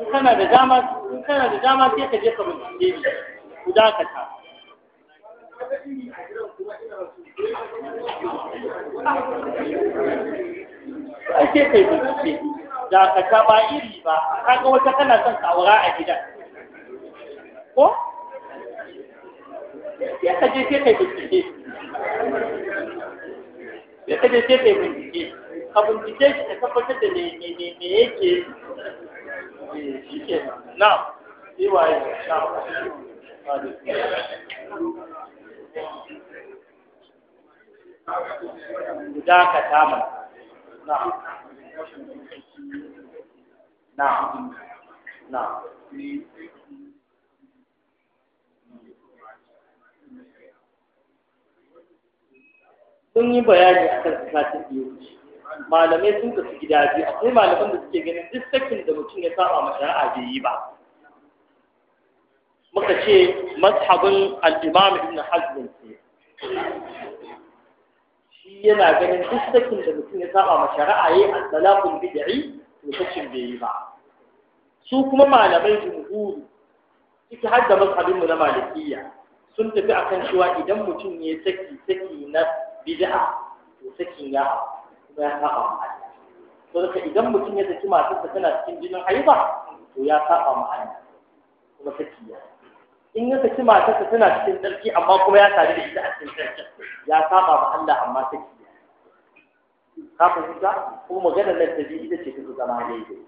in kana da dama in kana da dama sai ka je ka bincike ni ku dakata ake kai bincike da ka taba iri ba kaga wata kana son ka aura a gidan ko sai ka je sai kai bincike sai ka je sai kai bincike ka bincike shi ka tabbatar da me me me yake eh, shi ke na sai waye na dakata mana na'am na'am na'am sun yi bayani a kan ta da wuce malamai sun kasu gida biyu akwai malaman da suke ganin duk sakin da mutum ya saba ma shari'a bai yi ba muka ce mazhabin al-imam ibn hazm ne shi yana ganin duk sakin da mutum ya saba ma shari'a yayi al-talaqul bid'i to sakin bai yi ba su kuma malamai jumhuri ciki har da mu na malikiyya sun tafi akan cewa idan mutum ya saki saki na bid'a to sakin ya kuma ya saba ma to daga idan mutum ya saki masu tana cikin jinin haiba to ya saba ma Allah kuma saki ya in ya saki matarsa tana cikin tsarki amma kuma ya sadu da ita a cikin tsarki ya saba ma Allah amma ta saki ka fahimta kuma maganar nan ta ita ce ta zama daidai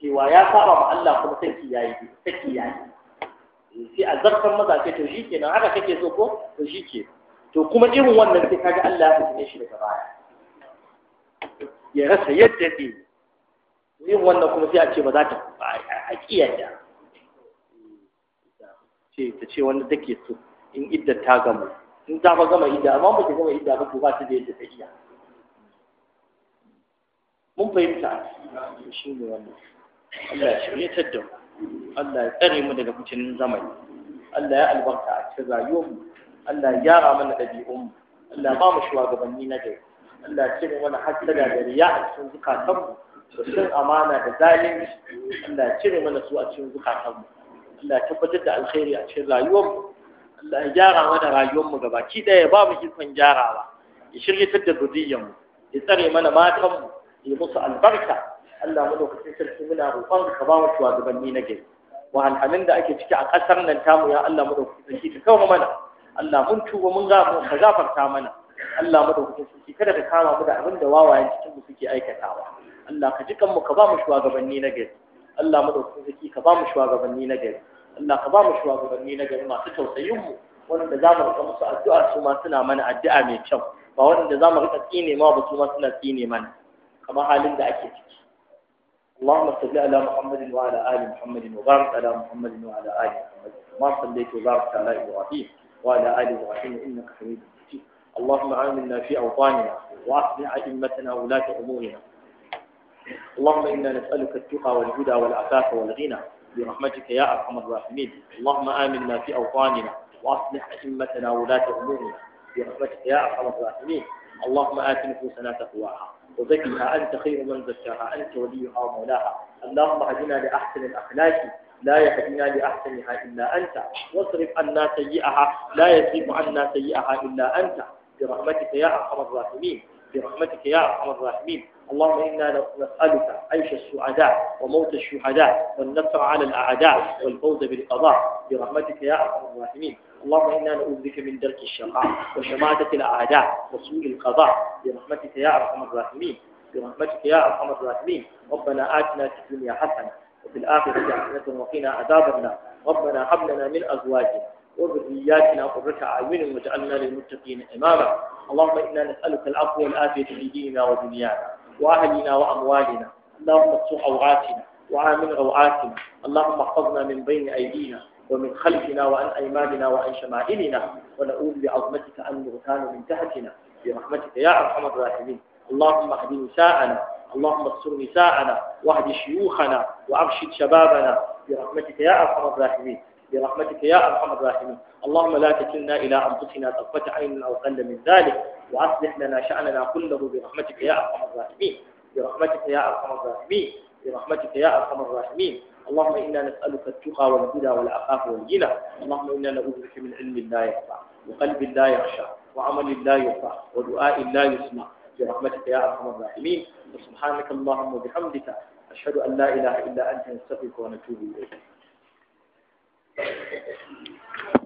cewa ya saba ma Allah kuma ta saki yayi saki yayi eh, sai a zartan maza ce to shikenan haka kake so ko to shi ke? to kuma irin wannan sai kaga Allah ya fahimce shi daga baya ya rasa yadda zai irin wannan kuma sai a ce ba za ta a kiyarta ce ta ce wanda take so in idda ta gamu in ta ba gama idda amma ba ta gama idda ba to ba ta da yadda ta iya mun fahimta shi ne wannan Allah ya shirye ta da Allah ya tsare mu daga fitinin zamani Allah ya albarka a cikin rayuwar mu Allah ya gyara mana ɗabi'un mu Allah ba mu shugabanni na gari Allah ya cire mana hasada da riya a cikin zukatan mu da cin amana da zalunci Allah ya cire mana su a cikin zukatan mu Allah ya tabbatar da alkhairi a cikin mu. Allah ya gyara mana mu gabaki daya ba mu ikon gyarawa ya shiryatar da mu ya tsare mana matanmu ya musu albarka Allah mu lokacin sarki muna roƙon ka ba mu shugabanni na gari wahalhalun da ake ciki a ƙasar nan tamu ya Allah mu lokacin sarki ka kawo mana Allah mun tuba mun ga ka gafarta mana Allah mu lokacin sarki kada ka kama mu da abin da wawayen cikin mu suke aikatawa Allah ka jikan mu ka ba mu shugabanni na gari Allah mu lokacin sarki ka ba mu shugabanni na gari Allah ka ba mu shugabanni na gari masu tausayin mu wanda za mu rika musu addu'a su ma suna mana addu'a mai kyau ba wanda za mu rika tsine ma ba su ma suna tsine mana kamar halin da ake ciki اللهم صل على محمد وعلى ال محمد وبارك على محمد وعلى ال محمد كما صليت وباركت على ابراهيم وعلى ال ابراهيم انك حميد مجيد اللهم امنا في اوطاننا واصلح ائمتنا وولاة امورنا اللهم انا نسالك التقى والهدى والعفاف والغنى برحمتك يا أرحم الراحمين اللهم آمنا في أوطاننا وأصلح أئمتنا ولاة أمورنا برحمتك يا أرحم الراحمين اللهم آت نفوسنا تقواها وزكها أنت خير من زكاها أنت وليها ومولاها اللهم اهدنا لأحسن الأخلاق لا يهدينا لأحسنها إلا أنت واصرف عنا سيئها لا يصرف عنا سيئها إلا أنت برحمتك يا أرحم الراحمين برحمتك يا أرحم الراحمين اللهم إنا نسألك عيش السعداء وموت الشهداء والنصر على الأعداء والفوز بالقضاء برحمتك يا أرحم الراحمين اللهم إنا نعوذ بك من درك الشقاء وشماتة الأعداء وسوء القضاء برحمتك يا أرحم الراحمين برحمتك يا أرحم الراحمين ربنا آتنا في الدنيا حسنة وفي الآخرة حسنة وقنا عذاب النار ربنا هب لنا من أزواجنا وذرياتنا قرة أعين واجعلنا للمتقين إماما اللهم إنا نسألك العفو والعافية في ديننا ودنيانا وأهلنا وأموالنا اللهم افتح عوراتنا وآمن روعاتنا اللهم احفظنا من بين أيدينا ومن خلفنا وعن أيماننا وعن شمائلنا ونعوذ بعظمتك أن نغتال من تحتنا برحمتك يا أرحم الراحمين اللهم اهد نساءنا اللهم استر نساءنا واهد شيوخنا وأرشد شبابنا برحمتك يا أرحم الراحمين برحمتك يا أرحم الراحمين اللهم لا تكلنا إلى أنفسنا طرفة عين أو أقل من ذلك وأصلح لنا شأننا كله برحمتك يا أرحم الراحمين برحمتك يا أرحم الراحمين برحمتك يا أرحم الراحمين اللهم إنا نسألك التقى والهدى والعفاف والغنى اللهم إنا نعوذ بك من علم لا ينفع وقلب لا يخشى وعمل لا يرفع ودعاء لا يسمع برحمتك يا أرحم الراحمين وسبحانك اللهم وبحمدك أشهد أن لا إله إلا أنت نستغفرك ونتوب إليك